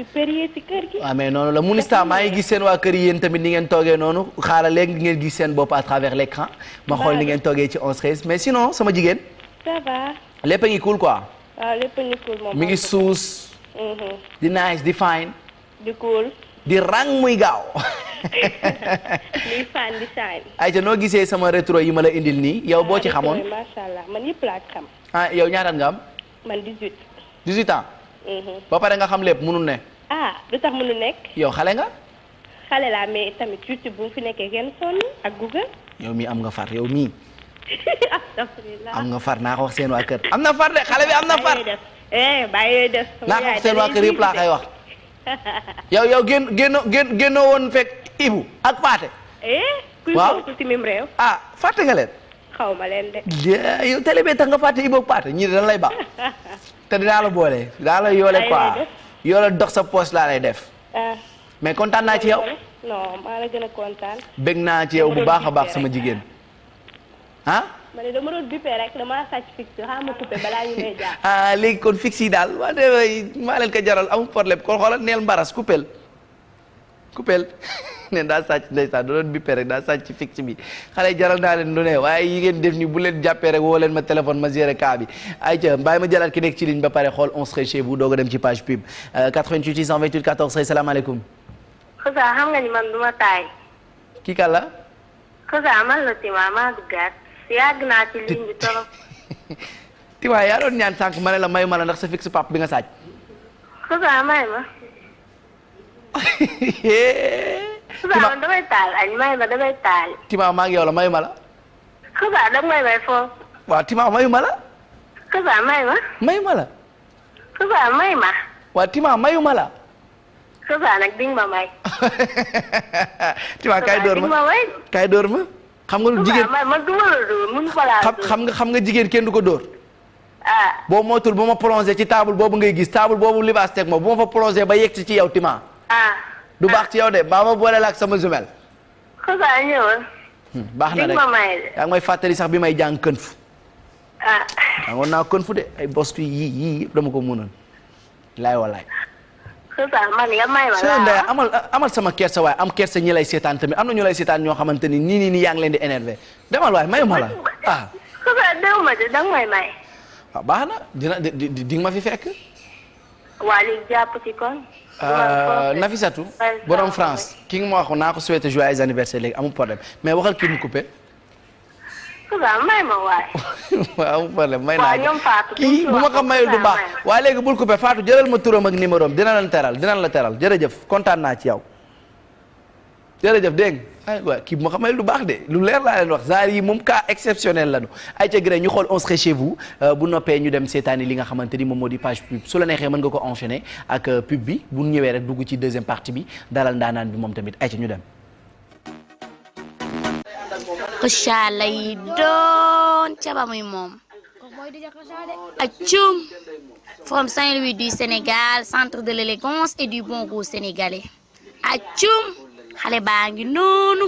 mais noonu la ministre maa ngi gis seen waa kër yi yéen tamit ni ngeen toogee noonu xaaral léegi ngeen gis seen bopp à travers l'écran ma xool ni ngeen toogee ci 11 13 mais sinon sama jigéen. ça lépp a ngi cool quoi. waaw ah, ngi moom mi ngi suus. di nice di fine. di cool. di rang muy gaaw. muy (laughs) (laughs) fan noo gisee sama rétro yi ma la indil nii yow boo ci ah, xamoon. macha allah man yëpp laa ah, yow ñaata nga 18 ans. Mhm. ba pare nga xam lépp mënul ne. ah lu tax mënul nekk. yow xale nga. xale laa mais tamit YouTube bu mu fi nekkee kenn sonn ak Google. yow mii am nga far yow mii. (laughs) alhamdulilah am nga far naa ko wax seen waa kër. am na far de xale bi am na far. eh bàyyi def. naa ko wax seen waa kër yëpp laa koy wax. yow yow génn génnoo génn génnoo woon fekk Ibu ak Paate. Eh, kuy bokk ci ah, nga leen. xaw ma leen de. yow télé bee tax nga fàtte Ibu ak Paate ñii de dañ lay baax. (laughs) te dinaa la boole dinaa la yoole quoi yoole dox sa poos laa lay def. Ah. mais kontaan naa ci yow. non maa bëgg naa ci yow bu baax a baax sama jigéen. Ah? ah. léegi kon fix yi daal maa leen ko jaral amul problème kon xoolal neel mbaras coupé coupel (laughs) ne daa sàcc ndeysaan da doon bippee rek daa sàcc ci fixe bi xale jaral naa leen lu ne waaye yi ngeen def ni bu leen jàppee rek woo leen ma téléphone ma géré cas bi ayca bàyyi ma jëlaat ki nekk ci ligne ba pare xool on serait chez vous doog a dem ci page pub 88 628 14 say salaamaaleykum Xousa xam nga ni man du ma taay kii kan la Xousa man la Tima maa duggaat yàgg naa ci ligne bi torop (laughs) Tima yaa doon ñaan sànq ma ne la may ma la ndax sa fixe pap bi nga sàcc Touba man damay taal Tima maa ngi yow la mayu ma la. Touba da Tima mayu ma la. Touba mayu ma la. Touba Tima mayu mala la. Touba nag di ma Tima kaay door ma kaay door ma. xam nga lu jigéen Touba man du ma la dóor mun xam nga xam nga jigéen du ko dóor. ah boo moytul ba ma plongé ci taabul boobu ngay gis table boobu libaas teg ma bu ma fa plongé ba yegg ci ci yow Tima. ah du baax ci yow de baa ma boole la ak sama jumel. xasaar hmm, baax na rek yaa ngi may fàttali sax bi may jàng kënfu. ah. jàngoon naa kënfu de ay bos yi yii yëpp dama ko mënoon. laay walaay. xasaar man nga may ma amal sama kersa waaye am kersa ñi lay seetaan tamit am na ñu lay seetaan ñoo xamante ni nii nii nii yaa ngi leen di énervé demal waay mayu ma ah. ah. may may. waaw ah, baax na dina di di ma fi fekk. waa léegi jàpp ci kon. Euh, Nafisatou borom France ki nga ma wax naa ko souhaité joyeux anniversaire léegi amul problème mais waxal kii mu coupé. waaw ah, may ma waay. (laughs) waaw kii bu ma ko mayul du baax waaye léegi bul coupé Fatou jëlal ma turam ak numéro am dina leen teral dina la teral jërëjëf kontaan naa ci yow jërëjëf dégg Eh, aywa kii bu ma xamee lu baax de lu leer laa leen wax zaar yi moom cas exceptionnel lañu ayca gré ñu xool on serait chez vous euh, bu noppee ñu dem seetaani li nga xamante ni moom moo di page pub su la neexee mën nga ko enchaîner ak euh, pub bi bu ñëwee rek dugg ci deuxième partie bi dalal ndaanaan bi moom tamit ayca ñu dem. xëcaa lay doon ca ba muy moom. Atchoum from Saint-Louis du Sénégal centre de l'élégance et du bon goût sénégalais Atchoum. xale baa ngi noonu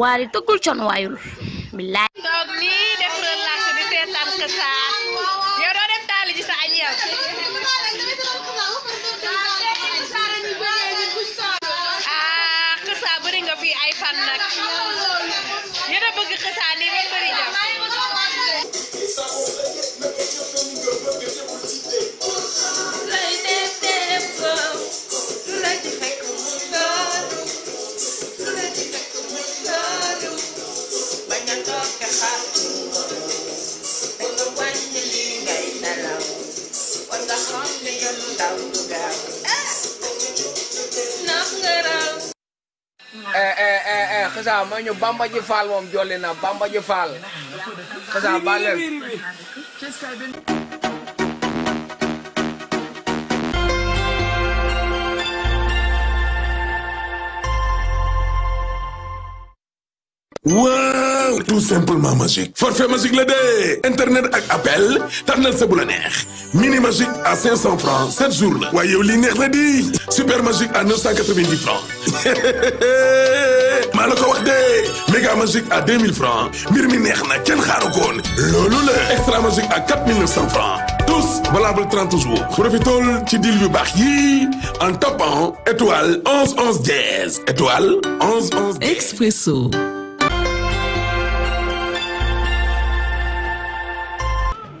waari tëggul con waayul billaay toog nii def relâche di seetaan ka saa yow doo dem taali ji sa añ lu ndaw lu gaaw nax nga raw ñu bamba faal moom jolli na faal xasa ba c'est tout simplement magique forfait magique la dee internet ak appel tànnal sa bu la neex mini magique à 500 francs 7 jours la waaye yow lii neex na di super magique à 990 francs (laughs) maa wax de méga magique à francs mbir mi neex na kenn xaaru ko woon loolu la extra magique à 4900 francs tous valables 30 jours profitool ci deal yu baax yi en tapant étoile 11 11 dièse étoile 11 11 expresso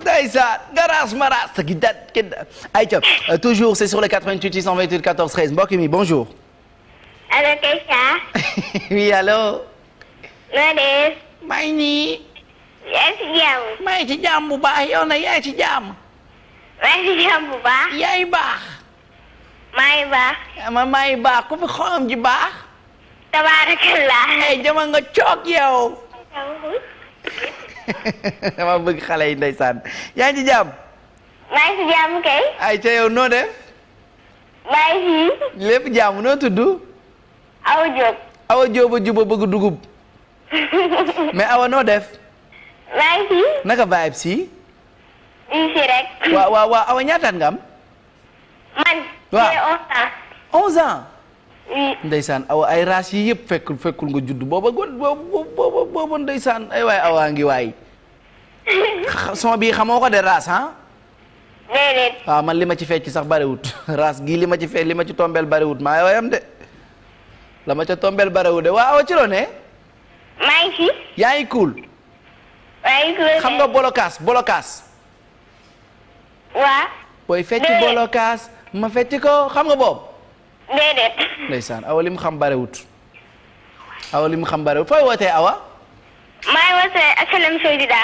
ndeysaan garage maraas gi dat ki ayca euh, toujours c'est sur le 88 628 14 13 mbokk mi bonjour. allo Keita. (laughs) oui allo. noo def. maa ngi nii. yaa ngi ci jàmm. maa ngi ci jàmm bu baax yow nag yaa ngi ci jàmm. maa ngi ci jàmm bu baax. yaa ngi baax. maa ngi baax. Eh, eh, nga coog yow. (laughs) dama bëgg xale yi ndeysaan yaa ngi ci jàmm. maa ngi ci jàmm kay. ay ca yow noo def. maa ngi ci. lépp jàmm noo tudd. Awa Diop. Awa Diop a juba bëgg dugub. (laughs) mais Awa noo def. maa ngi ci. naka vibe si. ñu si rek. waaw waaw waaw Awa ñaataat nga am. man. onze ans. ndeysaan awa ay ras yi yëpp fekkul fekkul nga juddu booba booba booba ndeysaan ay waay awaa ngi waay son (laughs) bii xamoo ko de raas ah waaw man li ma ci fecc sax bariwut (laughs) ras gii li ma ci fecc li ma ci tombeel bariwut maa wayam de la ca tombeel bariwut de waa awa ci loo ne maa ngi yaa ngi xam nga bolokaas bolokaas waa booy fecc bolokaas ma fecc ko xam nga boobu déedéet. ndeysaan awa li xam barewut awa li xam barewut fooy wootee awa. maa ngi wootee HLM Sodida.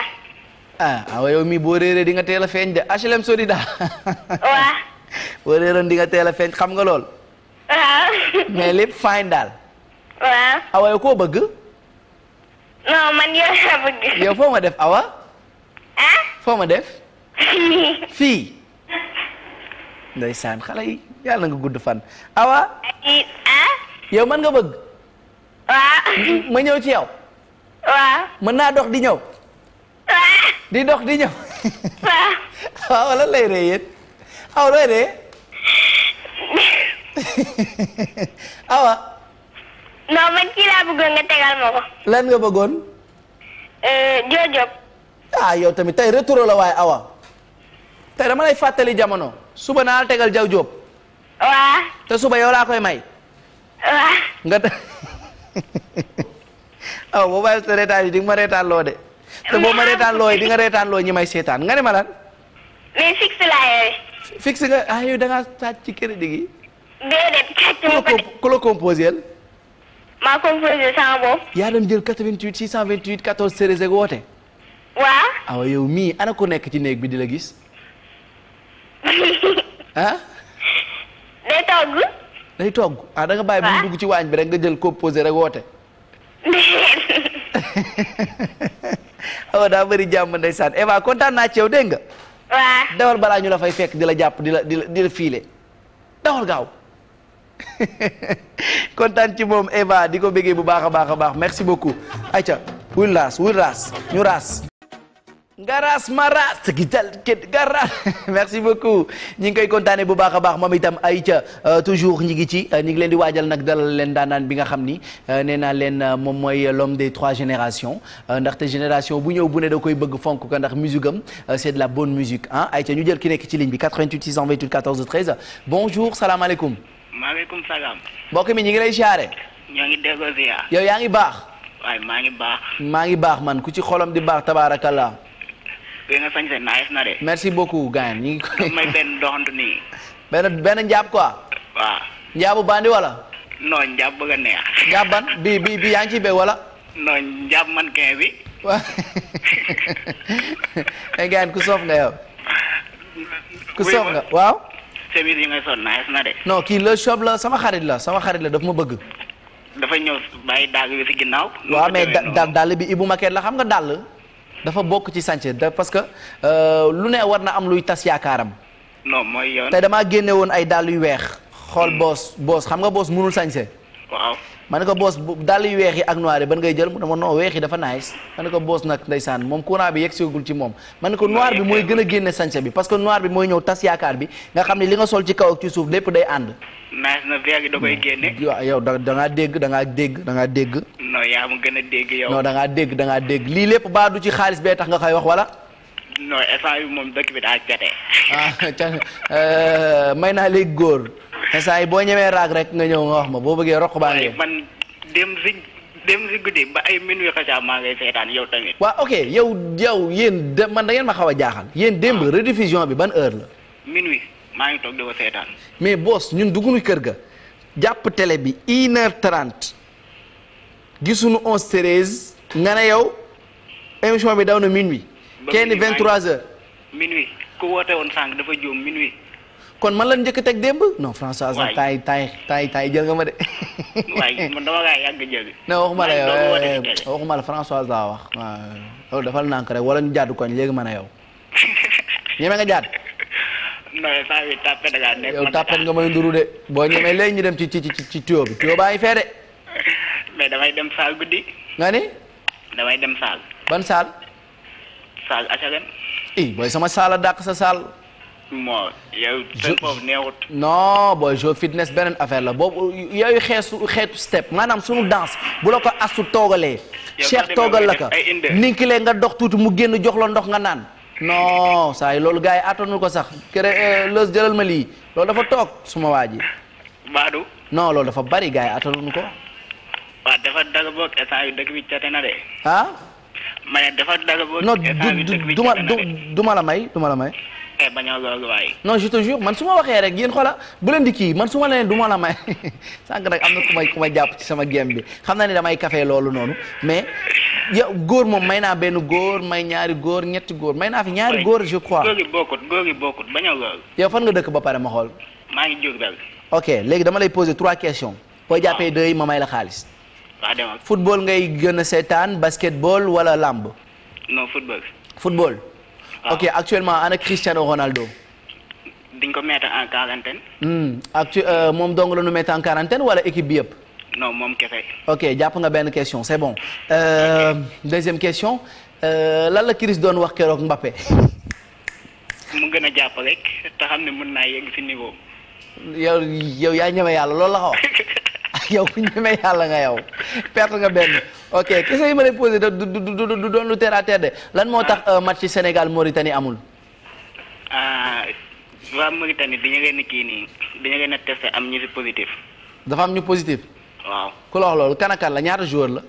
ah awa yow mii boo réeree di nga teel a feeñ de HLM Sodida. waaw. (laughs) boo réeroon di nga teel a feeñ xam nga lool. waaw. mais fine daal. waaw. awa yow koo bëgg. non man yow laa bëgg. yow foo ma def awa. ah. foo ma def. (laughs) fii. ndeysaan xale yi. yàlla nga gudd fan awa ah? yow man nga bëgg waaw ma ñëw ci yow waaw mën naa dox di ñëw di dox di ñëw waaw (laughs) wala lay ree yéen aw looy ree (laughs) awa non man kii laa bëggoon nga tegal ma ko lan nga bëggoon eh, joojob ah yow tamit tey retour la waaye awa tey dama lay fàttali jamono suba naa tegal jaw jóob waaw. te suba yow laa koy may. waaw. nga ta aw boo bàyyi sa yi di ma reetaan loo de. te boo ma reetaan loo yi di nga reetaan loo ñi may seetaan nga ne ma lan. mais fixe laa yore. fixe nga ah yow da ngaa sàcc ci crédit gi. déedéet sàcc mu ko de ku la composé. maa composé sama bopp. yaa doon jël 88 628 14 13 ak woote. waaw. awa yow mii ana ku nekk ci néeg bi di la gis. ah. day togg. day togg ah da bàyyi bu ñu dugg ci waañ bi rek nga jël composé rek woote. awa (laughs) oh, daa bëri jàmm ndey saan Eva kontaan naa ci yow dégg nga. waaw dawal balaa ñu la fay fekk di la jàpp di la di la di la fiile dawal gaaw (laughs) kontaan ci moom Eva di ko bëggee bu baax a baax a baax merci beaucoup. ayca wuy raas wuy raas ñu raas. Garas Maras jal Kit Garas (laughs) merci beaucoup ñi ngi koy kontaane bu baax a baax moom itam Aïcha euh, toujours ñi ngi ci euh, ñi ngi leen di waajal nag dalal leen daanaan bi nga xam ni euh, nee naa leen moom moy l'homme de trois générations ndaxte génération bu ñëw bu ne da koy bëgg fonk ko ndax musique am c'est de la bonne musique ah ñu jël ki nekk ci ligne bi 88 628 14 13 bonjour salaamaaleykum. maaleykum salaam. mbokk mi ñi ngi lay siyaare. ñoo ngi déggoo ziar. yaa ngi baax. maa ngi baax. maa ngi baax man ku ci xolam di baax tabaarakallaa. yooyu nga sañse nice na de. merci beaucoup gars ñu ngi koy. may benn doxantu nii. benn benn njaab quoi. waaw. njaabu bandi wala. non njaab bëgg a neex. njaab ban bi bi bi yaa ngi ciy béy wala. non (laughs) eh, nga yow. ku na de. non kii la shop la sama xarit la sama xarit la daf ma bëgg. dafa ñëw bàyyi daal bi si ginnaaw. waaw mais da daal bi Ibou Maket la xam nga daal. dafa bokk ci sànce da parce que euh, lu ne war na am luy tas yaakaaram. te damaa génne woon ay dàll yu weex. xool boos boos xam nga boos mënul sànce. ma ne ko boos dàll yu weex yi ak noir yi ban ngay jël mu ne ma non weex yi dafa nice ma ne ko boos nag ndeysaan moom courant bi yegg seegul ci moom ma ne ko noir bi mooy gën a génne sañse bi parce que noir bi mooy ñëw tas yaakaar bi nga xam ne li nga sol ci kaw ak suuf lépp day ànd nice na weex da koy génne yow da da dégg da dégg da ngaa dégg non yaa ma gën a dégg yow non da ngaa dégg da ngaa dégg lii lépp baa du ci xaalis bee tax nga koy wax wala non instant bi moom dëkk bi daa jate ah euh, may naa léegi góor te saa boo ñemee raag rek nga ñëw nga wax ma boo bëggee roq baa ngi man dem si dem si guddi ba ay minuit xasaa maa ngay seetaan yow tamit. waaw ok yow yow yéen de man da ngeen ma xaw a jaaxal. yéen démb rediffusion bi ban heure la. maa ngi toog di ko mais boos ñun dugunu kër ga jàpp tele bi une heure trente gisuñu onze treize nga ne yow émission bi daw na minuit. kenn vingt trois heures. minuit sànq dafa minuit. kon man la njëkk a teg démb. non François nag taay taay taay taay jël nga ma de. waay man dama kaa yàgg jël. (laughs) non waxuma la yow eh, la wax. waaw loolu dafal rek wala ñu jaadu koñ léegi man a yow. (laughs) ñeme nga jaat. non saa yu tàppet nga ma yow nduru de boo ñemee léegi ñu dem ci ci ci ci tuyoo bi tuyoo baa ngi fee de. (laughs) mais damay dem saal guddi. nga ni. damay dem saal. ban saal. saal HLM. i booy sama saal a dàq sa saal. moo yow. seen boobu fitness beneen affaire la boobu yooyu xeesu xeetu step maanaam suñu danse bu la ko astu toogalee. cheikh toogal la ka ninkilee nga dox tuuti mu génn jox la ndox nga naan. non saa yi loolu gaa yi attanul ko sax kere euh, lës jëlal ma lii loolu dafa toog suma waa ji. Badou. non loolu dafa bari gars yi attanul ko. waaw dafa dagg boog la may du ma la may. fexe bañ a man su ma waxee rek yéen xoola bu leen di kii man su ma leen du ma la may (laughs) sànq nag am na ku may ku may jàpp ci sama gem bi xam na ne damay café loolu noonu mais yow góor moom may naa benn góor may ñaari góor ñetti góor may naa fi ñaari góor je crois. a yow fan nga dëkk ba pare ma xool. maa ngi ok léegi dama lay poser trois questions. boo jàppee deux yi ma may la xaalis. waaw demal football ngay gën a seetaan basketball wala làmb. non football. Ah. ok actuellement ana Cristiano Ronaldo. diñ ko mettre en quarantaine. Hmm, actu euh, moom dong la ñu mettre en quarantaine wala équipe bi yëpp. non moom kese. ok jàpp nga benn question c'est bon euh, deuxième question euh, lan la Chris doon wax keroog Mbappé. (laughs) mu gën a jàpp rek te xam ne mun naa yegg si niveau. yow yow yaa ñeme yàlla loolu la ko (laughs) (laughs) yow ñeme yàlla nga yow perte nga benn ok question yi ma lay posé du du doon lu terre à de lan moo tax euh, match Sénégal Mauritanie amul. ah waa Mauritanie dañu leen dafa am ñu positif. waaw ku la wax loolu kan la ñaata joueur la.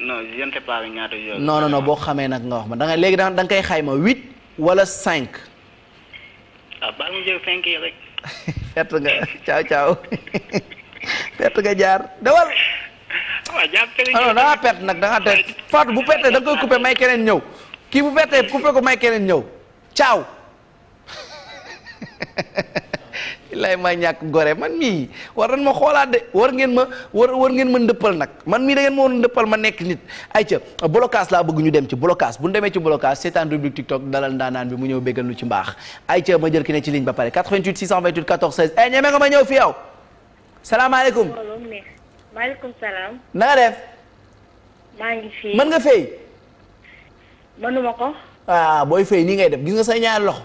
non je ne boo xamee nag nga wax ma da nga léegi da nga koy xayma huit walla cinq. ah (laughs) perte nga ciao ciao. (laughs) perte nga jaar dawal. waaw jàppale alors ah, da ngaa perte nag da ngaa perte Fatou bu perte da nga koy coupé may keneen ñëw kii bu perte coupé ko may keneen ñëw caaw. (laughs) illaahi maa ñàkk gore man mii war nan ma xoolaat de war ngeen ma war ngeen ma ndëppal nag man mii da ngeen ndëppal ma nekk nit ay ca blocage laa bëgg ñu dem ci blocage bu ñu demee ci blocage seetaan rubrique TikTok dalal ndaanaan bi mu ñëw béggal lu ci mbaax ay ca ma jël ki ne ci ligne ba pare 88 628 14 salaamaaleykum. maaleykum salaam. na nga def. maa nga fay. mënuma ko. ah booy fay nii ngay def gis nga say ñaari loxo.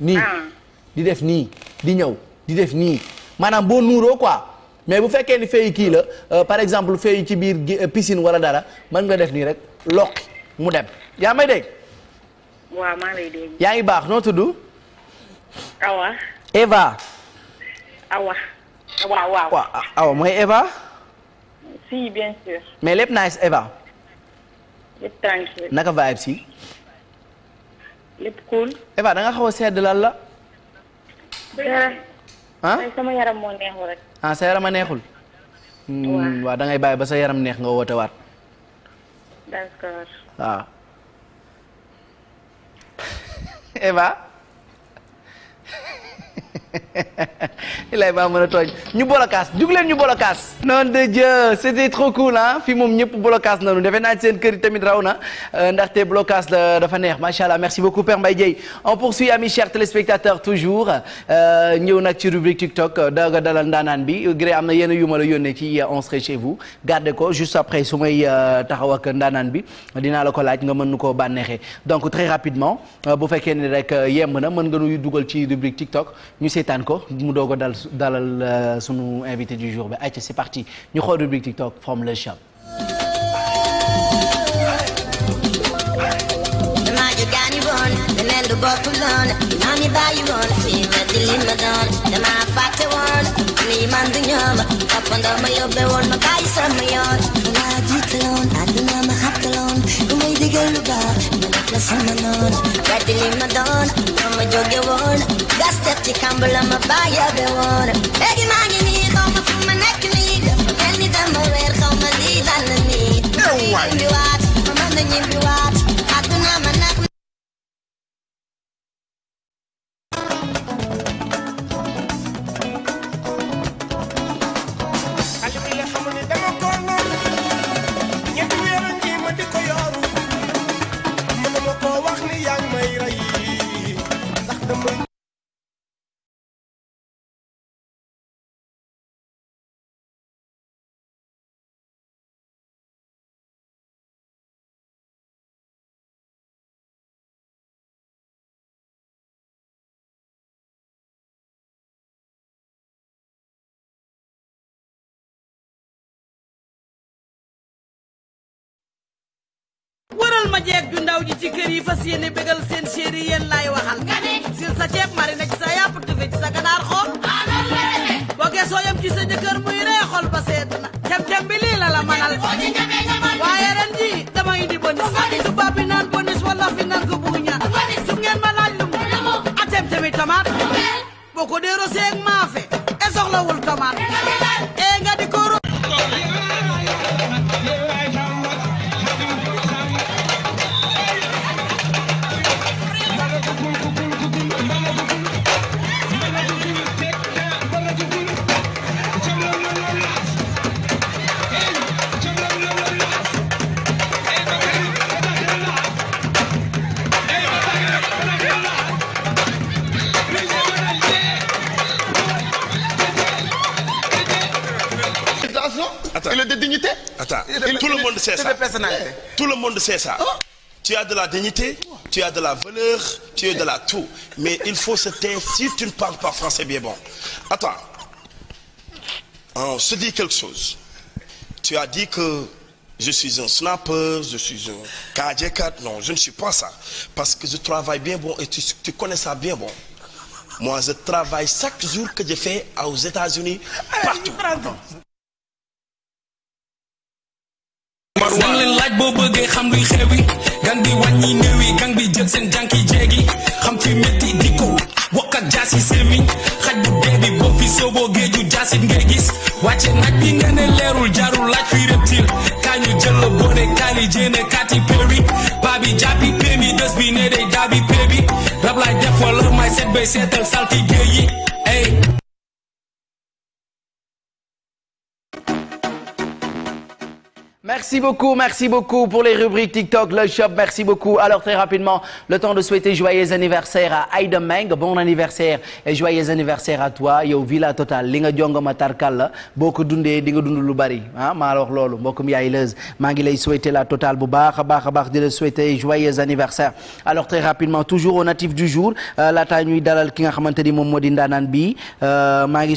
nii ah. di def nii di ñëw di def nii maanaam boo nuuroo quoi mais bu fekkee ni fay kii la euh, par exemple fay ci biir euh, piscine wala dara mën nga def nii rek loqi mu dem yaa may dégg. waaw yaa ngi baax noo tudd. Awa. Eva. Awa. waaw mooy Eva. mais lépp nice Eva. lépp tranquille. naka vibe si. lépp cool. Eva da xaw a sedd lan la. ah neexul sa yaram a neexul. Hmm, waaw da ngay bàyyi ba sa yaram neex nga woote waat. waaw. Ah. (laughs) Eva. (laughs) lay baa mën a tooñ ñu bolokaas jug leen ñu bolokaas non de Dieu fii moom ñëpp bolokaas nañu defe naa seen kër tamit raw na euh, ndaxte bolokaas dafa neex macha allah merci beaucoup Père Mbaye on poursuit amis chers téléspectateurs toujours euh, ñëw nag ci rubrique TikTok euh, daaga dalal ndaanaan bi gré am na yenn yu ma la yónnee ci on serait chez vous gardez ko juste après su may taxaw ak ndaanaan bi dinaa la ko laaj nga mën nu koo bànneexee donc très rapidement bu fekkee ni rek yemb na mën nga nuy dugal ci rubrique TikTok seetaan ko mu doog a dal dalal euh, sunu invité du jour bi ayca c'est parti ñu xool rubrique TikTok from le shop. la sama noon weddili ma doon dama jóge woon gas def ci kàmb la ma bàyyi be woon léegi maa ngi nii jëlal ma jeeg ju ndaw ji ci kër yi fas e bégal seen chéri yéen laay waxal sil sa ceeb mari na ci sa yàpp tufe ci sa ganaar xool boo geesoo yam ci sa jëkkër muy ree ba seet na cam-cam bi lii la la waaye ren ji dama indi bonus tubaab bi naan bonus wala fi naan ko bugg ñaar su ngeen ma laaj lu mu atem tamit tamaat boo ko dee rosee ak maafe e soxlawul tamaat Attends, tout le monde sait ça. Tout oh. le monde Tu as de la dignité, tu as de la valeur, tu as de la tout. Mais il faut se taire si tu ne parles pas français bien bon. Attends, on se dit quelque chose. Tu as dit que je suis un snapper, je suis un cardiaque. Non, je ne suis pas ça. Parce que je travaille bien bon et tu, connais ça bien bon. je travaille chaque jour que je fais aux États-Unis, partout. laaj boo bëggee xam luy xewi gang bi wàññi néew yi bi jël seen jànki jeegi xam fi métti di ko wokk ak jaas yi sémiñ xaj bu dee bi boo fi sooboo géeju jaasit ngay gis wàcce naaj bi nga ne leerul jaarul laaj fuy reptile kaa ñu jël la boone kaali jéene kaati péri paa bi jàppi pémi des bi ne day daabi pé bi rab laay def wala may set bay seetal salti géey yi ey Merci beaucoup, merci beaucoup pour les rubriques TikTok, le shop, merci beaucoup. Alors très rapidement, le temps de souhaiter joyeux anniversaire à Aïda bon anniversaire et joyeux anniversaire à toi. yow Villa Total li nga tarkal la dundee di nga dund lu bari ah maa la wax loolu mbokkum yaay ngi lay souhaiter la Total bu baax a baax a baax di la souhaiter joyeux anniversaire. Alors très rapidement, toujours au natif du jour euh, laata ñuy dalal ki nga xamante ni moom moo di ndaanaan bi euh, maa ngi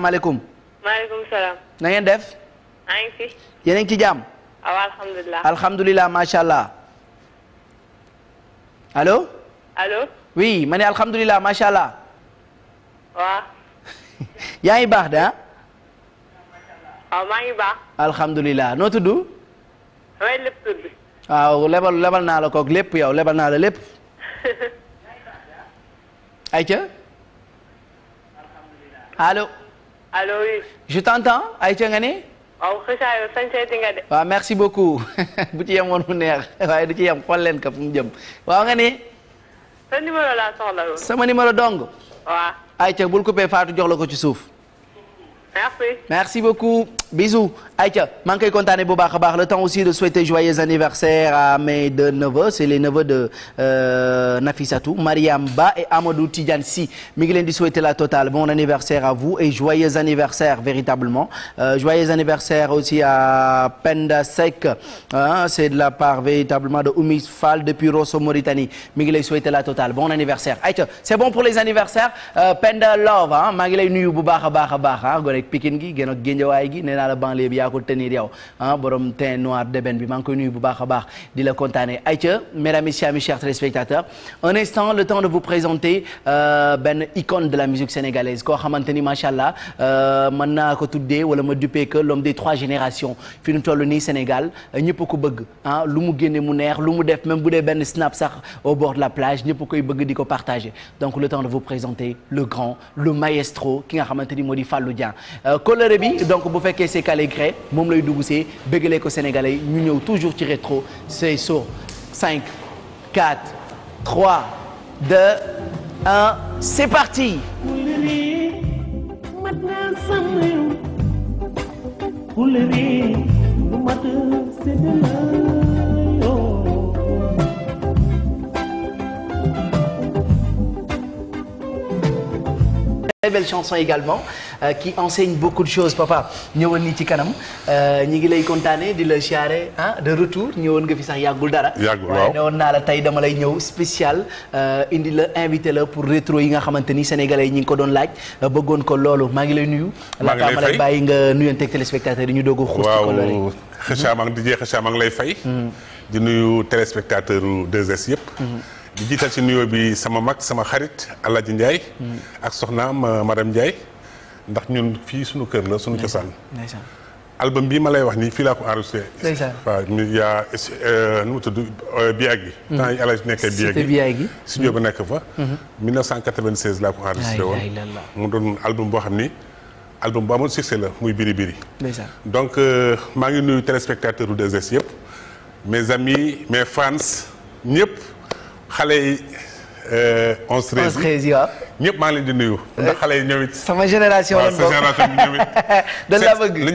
asalaamaaleykum. salaam. na maa ngi fi. yéen a ngi ci jàmm. waaw alhamdulilah. alhamdulilah macha allah. allo. allo. oui ma ne alhamdulilah macha allah. waaw. (laughs) yaa ngi baax de ah. waaw maa baax. alhamdulilah noo tudd. damay lépp tudd. waaw naa la kook lépp yow lebal naa la lépp. (laughs) ayca. allo. allo oui. je t'entends Aïcha nga ne. waaw xëcaa yow sañseeti de. waaw merci beaucoup (laughs) bu ci yemoon mu neex waaye du ci yem xool leen ka fu jëm waaw nga ne. sa numéro laa soxla woon. sama numéro dong. waaw. bul coupé Fatou jox la ko ci suuf. merci. beaucoup Aïcha maa ngi koy kontaane bu baax a baax le temps aussi de souhaiter joyeux anniversaire à mes deux neveux c'est les neveux de euh, Nafissatou Ba et Amadou Tidiane Sy mi ngi leen di souhaiter la totale bon anniversaire à vous et joyeux anniversaire véritablement euh, joyeux anniversaire aussi à Penda Seck c'est de la part véritablement de Oumy Fall depuis Rosso Mauritanie mi ngi souhaiter la totale bon anniversaire c'est bon pour les anniversaires euh, Penda Love ah maa nuyu bu a a baax ah gone Pikine gi gën a yaa ko tenir yow ah borom teint noir d'ébène bi maa ngi koy bu baax a baax di la kontaane Aïcha mesdames et messieurs, mes chers téléspectateurs un instant le temps de vous présenter euh, benn icône de la musique sénégalaise koo xamante ni macha allah euh, man naa ko tuddee wala ma duppee que l'homme des trois générations fi ñu toll nii Sénégal ñëpp ko bëgg ah lu mu génne mu neex lu mu def même bu dee benn snap sax au bord la plage ñëpp koy bëgg di ko partager donc le temps de vous présenter le grand le maestro ki nga xamante ni moo di Fallou Dieng euh, coloré bi donc moom lay dugg see bëggalee ko sénégalais mu ñu ñëw toujours ci rétro c'est sur 5 4 3 2 1 c'est parti. très belle chanson également euh, qui enseigne beaucoup de choses papa ñëwoon nii ci kanam euh, ñi ngi lay kontaane di la siyaare ah de retour ñëwoon nga fi sax yàggul dara. yàggul waaw waaye newoon naa la tey dama lay ñëw spécial euh, indi la invité la pour rétro yi nga xamante ni sénégalais yi ñi ngi ko doon laaj euh, bëggoon ko loolu maa ngi lay nuyu. maa ma lay bàyyi nga nuyanteeg téléspectateur yi ñu doog a. xuus ci ko waaw xëcc maa ngi di jeex xëcc maa lay fay. Mm. di nuyu téléspectateur 2S yëpp. Mm-hmm. di jiital ci nuyoo bi sama mag sama xarit ji Ndiaye hmm. ak soxna euh, ma madame Ndiaye ndax ñun fii suñu kër la suñu cosaan album bii ma lay wax nii fii laa ko enregistré waaw yaa euh, nu mu tudd euh, biyaag gi hmm. temps yi Alaaji nekkee biyaag gi studio ba hmm. nekk fa 1996 laa ko enregistré woon mu doon album boo xam ni album bu amoon succès la muy biri biri donc maa ngi nuyu téléspectateur u de s yëpp mes amis mes fans ñëpp xale yi. 11 13 11 13 waaw. ñëpp maa leen di nuyu. ndax xale yi ñëw it. sama génération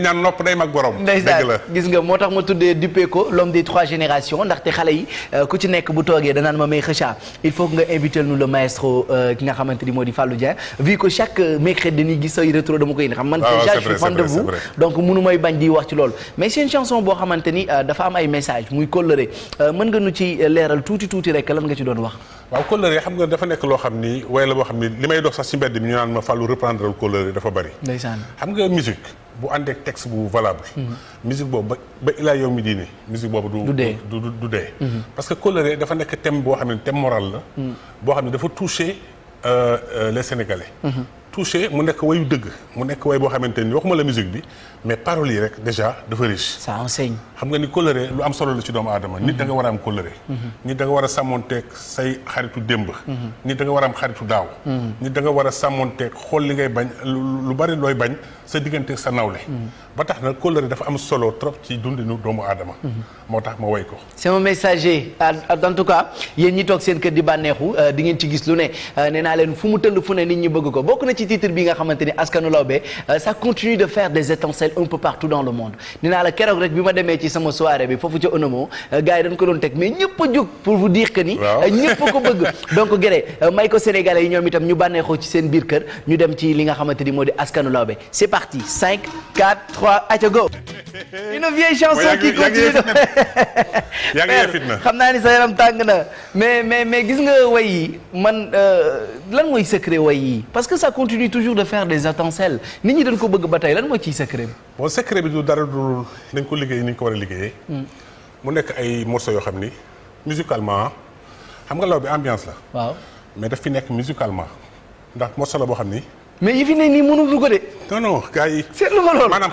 la (laughs) nopp day mag borom. dëgg la gis nga moo tax ma tuddee duppee ko l'homme des trois générations ndaxte xale yi euh, ku ci nekk bu toogee danaan ma may xëcca il faut que nga invité nu le maestro euh, ki nga xamante ni moo di Fallou Dieng vu que chaque mercredi dañuy gis say rétro dama koy indi xam man déjà ah, je suis fan de vous donc munu may bañ di wax ci lool mais seen chanson boo xamante ni euh, dafa am ay message muy coloré mën nga nu ci leeral tuuti tuuti rek lan nga ci doon wax waaw coloré xam nekk loo xam ni way la li may dox sax ci mbedd mi ñu naan ma fàllu reprendre couleur yi dafa bari ndeysaan xam nga musique bu àndeek texte bu valable mhm. musique boobu ba ba ilaa yow mi diine musique boobu du du du dee mhm. parce que couleur dafa nekk thème boo xam ne thème moral la mhm. boo xam ne dafa toucher euh, euh, les sénégalais toucher mu nekk wayu dëgg mu nekk way boo xamante ni waxuma la musique bi mais paroles yi rek déjà dafa riche. ça xam nga ni coloré lu am solo la ci doomu aadama. nit da nga war a am coloré. Mhm. nit da nga war a sàmmonteeg say mhm. da nga war a am xaritu daaw. Mhm. nit a sàmmonteeg xool li ngay bañ lu bari looy bañ sa diggante sa nawle. ba tax na coloré dafa am solo trop ci dundinu doomu aadama. moo tax ma woy ko. c'est mon messager ah, ah, en tout cas yéen ñi toog seen kër di bànneexu euh, di ci gis lu ne euh, nee naa leen fu mu tëll fu ne nit ñi bëgg ko bokk na ci titre bi nga xamante ni askanu lawbe euh, ça continue de un peu partout dans le monde dinaa la keroog rek bi ma demee ci sama soirée bi foofu ca onomo euh, gars yi ko doon teg mais ñëpp a jóg pour vous dire que ni euh, ñëpp ko bëgg (laughs) donc géré euh, may ko sénégalais yi ñoom itam ñu bànneexoo ci seen biir kër ñu dem ci li nga xamante ni moo di askanu lawbe c'est parti 5 4 3 aca go une vieille chanson qui continue yaa ngi fitna xam naa ni sa yaram tàng na mais mais mais gis nga way yi man lan mooy secret way yi parce que ça continue toujours de faire des étincelles nit ñi dañ ko bëgg ba tey lan mooy ciy secret bi bon secret bi du dara dul dañ ko liggéey ni ko war a liggéeyee mu nekk ay morceaux yoo xam ni musicalement xam nga law bi ambiance la waaw mais daf fi nekk musicalement ndax morceau la boo xam ni mais yi fi ne nii mënul dugg de. non non yi. seetlu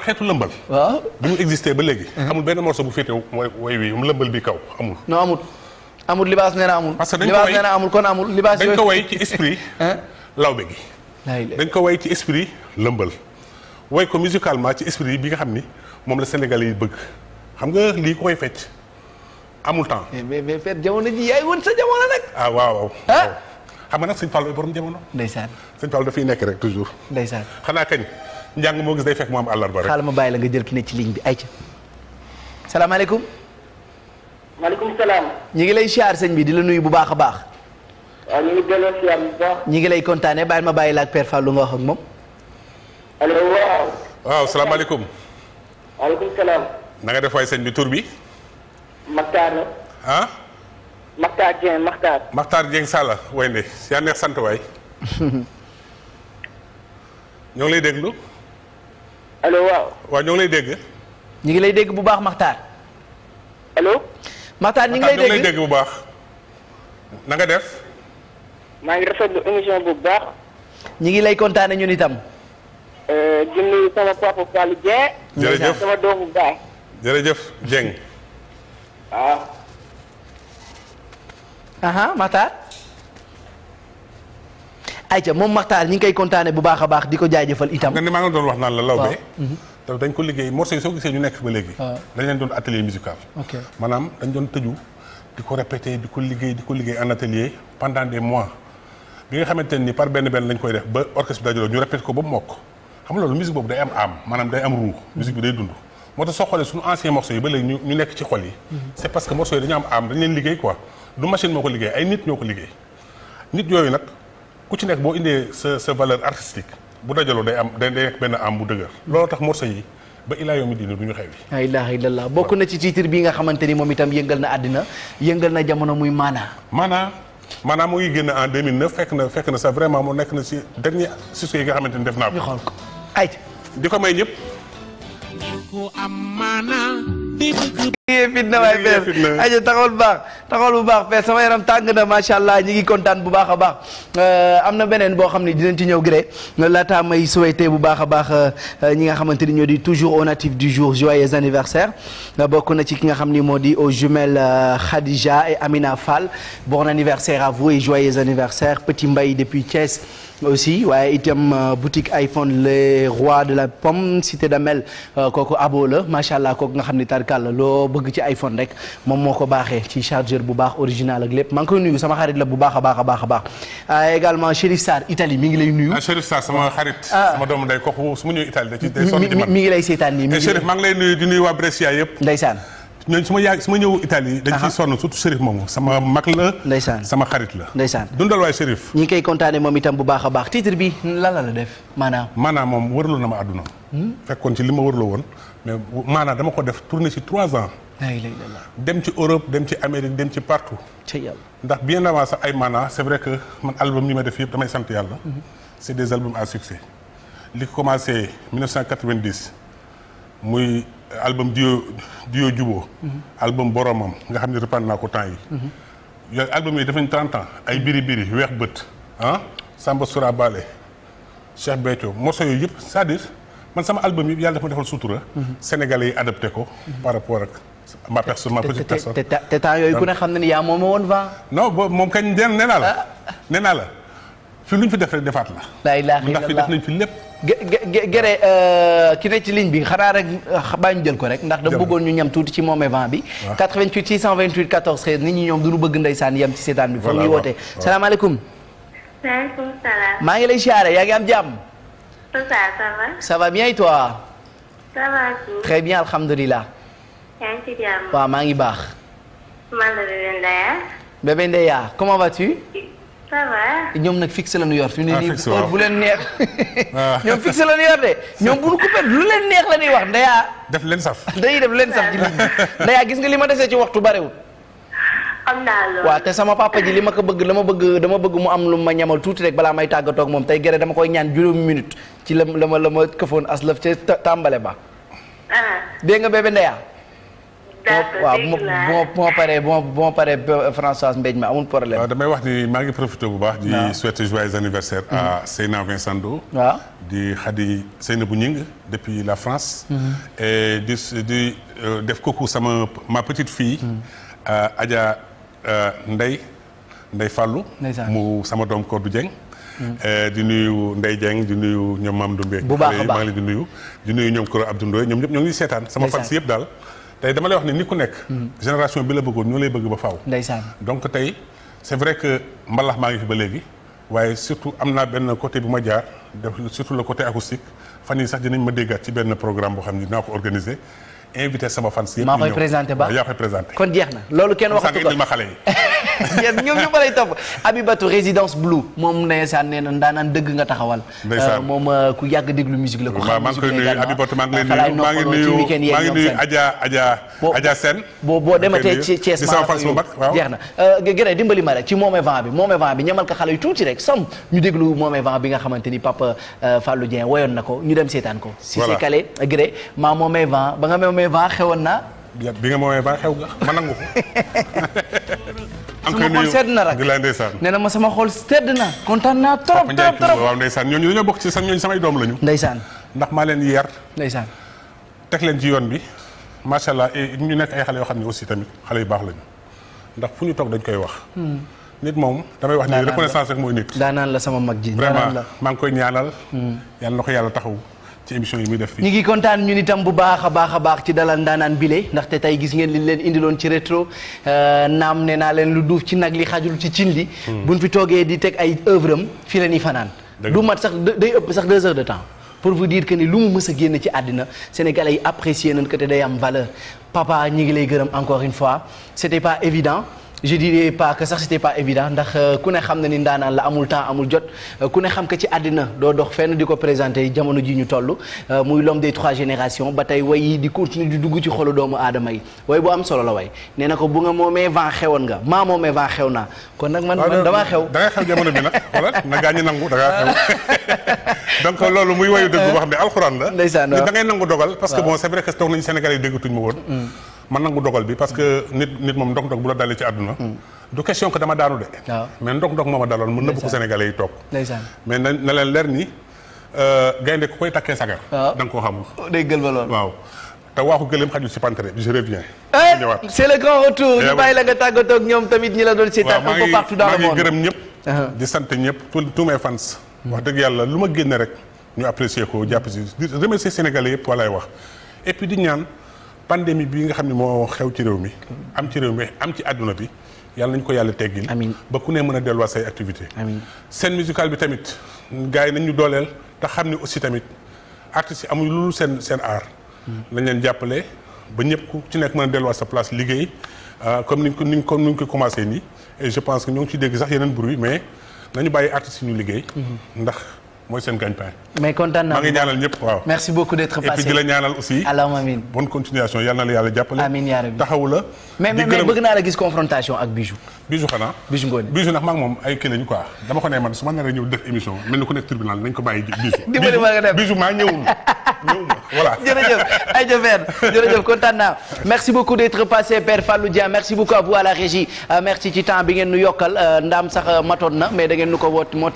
xeetu lëmbal. waaw bi mu existé ba léegi. Uh-huh. amul benn morceau bu féete way way wi mu lëmbal bi kaw amul. non amul amul libaas nee amul. parce que dañ ko way libaas nee amul kon amul. libaas dañ ko way ci esprit. (laughs) lawbe gi. dañ ko ci esprit lëmbal. way ko musicalement ci esprit bi nga xam ni moom la sénégal yi bëgg xam nga lii ko koy fecc amul temps. Eh, mais mais mais Père jamono ji yaay woon sa jamono nag. Ah, xam nga nag sëñ Fallou borom jamono. ndeysaan sëñ Fallou dafay nekk rek toujours. ndeysaan xanaa kañ njàng moo gis day fekk mu am àllarba rek. xaaral ma bàyyi la nga jël ki ne ci ligne bi ayca. salaamaaleykum. maaleykum salaam. ñu ngi lay siyaar sëñ bi di la nuyu bu baax a baax. ñu ngi lay kontaanee bàyyi ma bàyyi la ak Père Fallou nga wax ak moom. waaw. waaw salaamaaleykum. maaleykum salaam. na def waay sëñ bi tur bi. Makhtar. ah. Makhtar Dieng Makhtar. Makhtar Dieng Salla Wayndé yaa neex sant waay. (laughs) ñoo ngi lay déglu. allo waaw. waa ñoo ngi lay dégg. ñu ngi lay dégg bu baax Makhtar. allo. Makhtar ñu ngi lay dégg bu baax. nanga def. maa ngi rafetlu émission bu baax. ñu ngi lay kontaane ñun itam. Euh, di nuyu sama papa doomu baay. jërëjëf Dieng. Ah. aha Maxtaar ayca moom Maxtaar ñi ngi koy kontaane bu baax a baax di ko jaajëfal itam. nga ne maa ngi doon wax naan la Lawbe. Mhm. te dañ ko liggéey morceau yi soo gisee ñu nekk ba léegi. dañ leen doon atelier musical. ok dañ doon tëju di ko répété di ko liggéey di ko liggéey en atelier pendant des mois bi nga xamante ne nii par benn benn lañ koy def ba orchestre bi dajaloo ñu répété ko ba mokk xam nga loolu musique boobu day am am maanaam day am ruux. musique bi day dund. moo tax nekk ci xol yi. Mhm. c'est parce que morceau du machine moo ko liggéey ay nit ñoo ko liggéey nit yooyu nag ku ci nekk boo indee sa sa valeur artistique bu dajaloo day am day nekk benn am bu dëgër looloo tax morceau yi ba ilaa yoomi diine du ñu xew la bokk na ci titre bii nga xamante ni moom itam yëngal na àddina yëngal na jamono muy maanaa maanaa maanaam mu ngi génn en 2009 fekk na fekk na sax vraiment mu nekk na si dernier succès yi nga xamante ni def naa ko ñu ay di ko may ñëpp ku am maanaa ngee fitna waay fees aja taxawal baax taxawal bu baax fees sama yaram tàng na macha allah ñi ngi kontaan bu baax a baax euh, am na beneen boo xam ne dinañ ci ñëw gré laata may souhaité bu baax a baax euh, ñi nga xamante ni ñoo di toujours au natif du jour joyeux anniversaire euh, bokk na ci ki nga xam ni moo di aux jumelles Khadija et Amina Fall bon anniversaire à vous et joyeux anniversaire petit mbay depuis ces aussi waaye itam euh, boutique iPhone les rois de la pomme cité d'Amel euh, kooku abo la macha allah kooku nga xam ni tarkal la loo bëgg ci iPhone rek moom moo ko baaxee ci chargeur bu baax original ak lépp maa ngi koy nuyu sama xarit la bu baax a baax a baax a baax euh, également Chérif Sarr Italie mi ngi lay nuyu. ah Chérif Sarr sama xarit. Ah. sama doomu day kooku su ma ñëw Italie da ciy day sonn di man mi ngi lay seetaan nii. mi eh, ngi lay Chérif maa ngi lay nuyu yëpp. ndeysaan. ñooñu su ma yaay su ma ñëw Italie dañ ciy sonn surtout Chérif moomu sama mag la ndeysaan sama xarit la ndeysaan dundal waay Chérif ñi ngi koy kontaane moom itam bu baax a baax titre bi lan def maanaam maanaam moom wërloo na ma àdduna hmm? fekkoon ci li ma wërloo woon mais maanaam dama ko def tourné ci trois ans dem ci Europe dem ci Amérique dem ci partout ndax bien avant sax ay maanaam c'est vrai que man album yi ma def yëpp damay sant yàlla hmm. c'est des albums à succès li ko commencé 1990 muy album duo duo juboo mhm. album boromam nga xam ne reprendre naa ko temps yi mhm. yooyu album yi defañ trente ans ay biri biri weex bët ah Samba Sura Bale Cheikh Béthio morceau yooyu yëpp c'est-à-dire man sama album yi yàlla dafa defal sutura mhm. sénégalais yi adapté ko par rapport ak ma personne ma petite personne te temps yooyu ku ne xam ne ni yaa moom woon vent non boobu moom kañ nee naa la ah. nee naa la fi luñ fi def defaat la. la ilaha illallah ndax fi def nañ gere euh, ki ne ci ligne bi xanaa rek baa euh, ñu jël ko rek. ndax dama bëggoon ñu ñam tuuti ci moom vent bi. 88 628 14 13 nit ñi ñoom du ñu bëgg ndeysaan yam ci seetaan bi. voilà waaw foofu ñuy wootee salaamaaleykum. maa ngi lay siyaare yaa ngi am jàmm. ça va ça va. ça bien et toi. ça va. très waaw maa ngi baax. man la Bébé Ndeya. comment vas-tu. ça va. Eh? ñoom nag fixé la nu yor. su mu ne ah, nii heure bu leen neex. (laughs) Ah. ñoom fixé la ñu yor de ñoom bu ñu coupé lu leen neex la ñuy wax ndeyaa. def leen saf. dañuy def leen saf ci ligne (laughs) gis nga li ma desee ci waxtu barewul. xam naa loolu te sama papa ji li ma ko bëgg dama bëgg dama bëgg mu am lu ma ñamal tuuti rek balaa may tàggatook moom tey gërëm dama koy ñaan juróom minute ci la ma la ma la ma këfoon aslaf ca tàmbale ba. Ah. dégg nga bébé ndeyaa waaw bon bon pare bon bon euh, pare Françoise Mbéj ma amul problème. Ah, damay wax ni maa ngi profité bu baax. di souhaiter joyeux anniversaire. à mm. Seyna Vincent Do. waaw di Khady Seyna bu Ñing depuis la France. Mm-hmm. et di di euh, def kooku sama ma petite fille. Mm. Euh, Adja Ndey Ndey Fallou. mu sama doom Kodou Dieng. Mm. di nuyu Ndeye Dieng di nuyu ñoom Mamadou Mbengue. bu baax a baax maa ngi leen di nuyu. di nuyu ñoom Koro Abdou Ndoye ñoom ñëpp ngi seetaan sama fans yëpp daal. tey dama lay wax ni nit ku nekk. Hmm. génération bi la bëggoon ñoo lay bëgg ba faaw. ndeysaan donc tey c'est vrai que mbalax maa ngi fi ba léegi. waaye surtout am naa benn côté bu ma jaar def surtout la côté acoustique fan yii sax dinañ ma déggaat ci benn programme boo xam ne dinaa ko organiser. invité sama fan si yëpp maa koy présenté ba yaa koy présenté kon jeex na loolu kenn waxatu ko ma xale yi (laughs) yéen résidence Blue moom ndeysaan nee na ndaanaan dëgg nga taxawal euh, moom euh, ku yàgg déglu musique la ko xam maa ngi koy jeex na euh, gën dimbali ma rek ci moome vent bi moome vent bi ñamal ko xale yu tuuti rek sam ñu déglu moome vent bi nga xamante ni Papa Fallou Dieng woyoon na ko ñu dem seetaan ko si c'est calé maa moome vent ba nga moomee vent xewoon naa. bi nga moomee vent xew nga ma nangu ko. (laughs) sama xol sedd na rek di la ndeysaan nee na ma sama xool sedd na kontaan naa trop trop trop waaw ndeysaan ñooñu dañoo bokk ci sax ñooñu samay doom lañu. ndeysaan ndax maa leen yar. ndeysaan teg leen ci yoon bi macha allah eh, ñu nekk ay xale yoo xam ne aussi tamit xale yu baax lañu ndax fu ñu toog dañ koy wax. Hmm. nit moom damay wax ni reconnaissance rek mooy nit. daanaan la sama mag ji. vraiment maa ngi koy ñaanal. Hmm. yàlla na ko yàlla taxawu. ci ñu ngi kontaan ñun itam bu baax a baax a baax ci dalal ndaanaan bile ndaxte tey gis ngeen li leen indiloon ci rétro euh, naam ne naa leen lu duuf ci nag li xajul ci cin li. Hmm. buñ fi toogee di teg ay oeuvre am fii la ñuy fanaan. du mat sax day ëpp sax deux heures de temps. pour vous dire que ni lu mu mës a génn ci àddina sénégalais yi apprécier nañ ko te day am valeur papa ñi ngi lay gërëm encore une fois c'était pas évident. je dirais pas que sax c'était pas évident ndax euh, ku ne xam na ni ndaanaan la amul temps amul jot euh, ku ne xam que ci àddina doo dox fenn di ko présenté jamono ji ñu toll euh, muy l'homme des trois générations ba tey way yi di continuer di dugg ci xolu doomu aadama yi way bu am solo la way nee na ko bu nga moomee vent xewoon nga maa moomee vent xew naa kon nag man man damaa xew da nga xew jamono bi nag wala na gaa ñi nangu da ngaa xew (laughs) donc loolu muy wayu dëgg da ngay nangu dogal parce que bon c'est vrai que toog nañu Sénégal yi déggatuñ ma woon mm. ma nangu dogal bi parce que mm. nit nit moom ndog-ndog bu la dalee ci àdduna. Mm. du question que dama daanu de. Ah. mais ndog-ndog moo ma daloon mu nëbb ko Sénégalais yi toog. mais na na leen leer ni euh, gaynde ku koy takkee sagar. Ah. da koo xamul. Oh, day gëlbaloon waaw. te waaxu gëlëm xajul ci pantere je reviens. Eh, ñëwaat c'est le grand retour eh ñu la nga tàggatoo ak ñoom uh-huh. sant ñëpp tous tous mes mm. wax dëgg yàlla lu ma génne rek ñu apprécier ko jàpp ci di remercier Sénégalais yëpp walaay wax et di ñaan pandémie bi nga xam ne moo xew ci réew mi mm-hmm. am ci réew mi am ci àdduna bi yàlla nañ ko yàlla teggil amiin ba ku ne mën a delluwaat say activité amiin scène musicale bi tamit gars yi nañ ñu dooleel te xam ne aussi tamit artistes yi amul loolu seen seen aar lañ mm-hmm. leen jàppale ba ñëpp ku ci nekk mën a delluwaat sa place liggéey euh, comme ni ko niñ ko niñ ko commencé nii je pense que ñoo ngi ci dégg sax yeneen bruit mais nañu bàyyi artistes yi ñu liggéey mm-hmm. ndax mooy seen gagne-pain. kontaan naa maa ngi ñaanal ñëpp waaw. merci beaucoup d'être passé et puis di la ñaanal aussi. allahumma amiin bonne continuation yal na la yàlla jàppale. amiin yaa rabbi taxawu la. bëgg naa la gis confrontation ak Bijou. Bijou xanaa. Bijou moom ay kii lañu quoi dama ko man su ma naree ñëw def émission mel ni ku nekk tribunal nañ ko bàyyi (laughs) Bijou. maa ñëwul. (laughs) voilà jërëjëf ay jëfër jërëjëf kontaan naa merci beaucoup d'être passé Père Fallou merci beaucoup à vous à la régie euh, merci ci temps bi ngeen nu yokkal euh, ndaam sax euh, matoon mais da ngeen nu ko woot ñu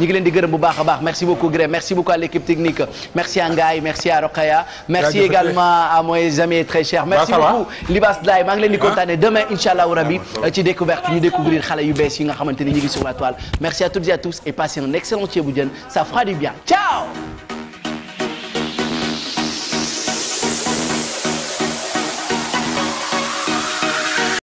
ngi leen di gërëm bu baax a baax merci beaucoup Gré merci beaucoup à l'équipe technique merci à Ngaye merci à Rokhaya merci également ñu découvrir xale yu bees yi nga xamante ni ñu ngi sur la toile merci à toutes et à tous et passez un excellent ceebu jën ça fera du bien ciao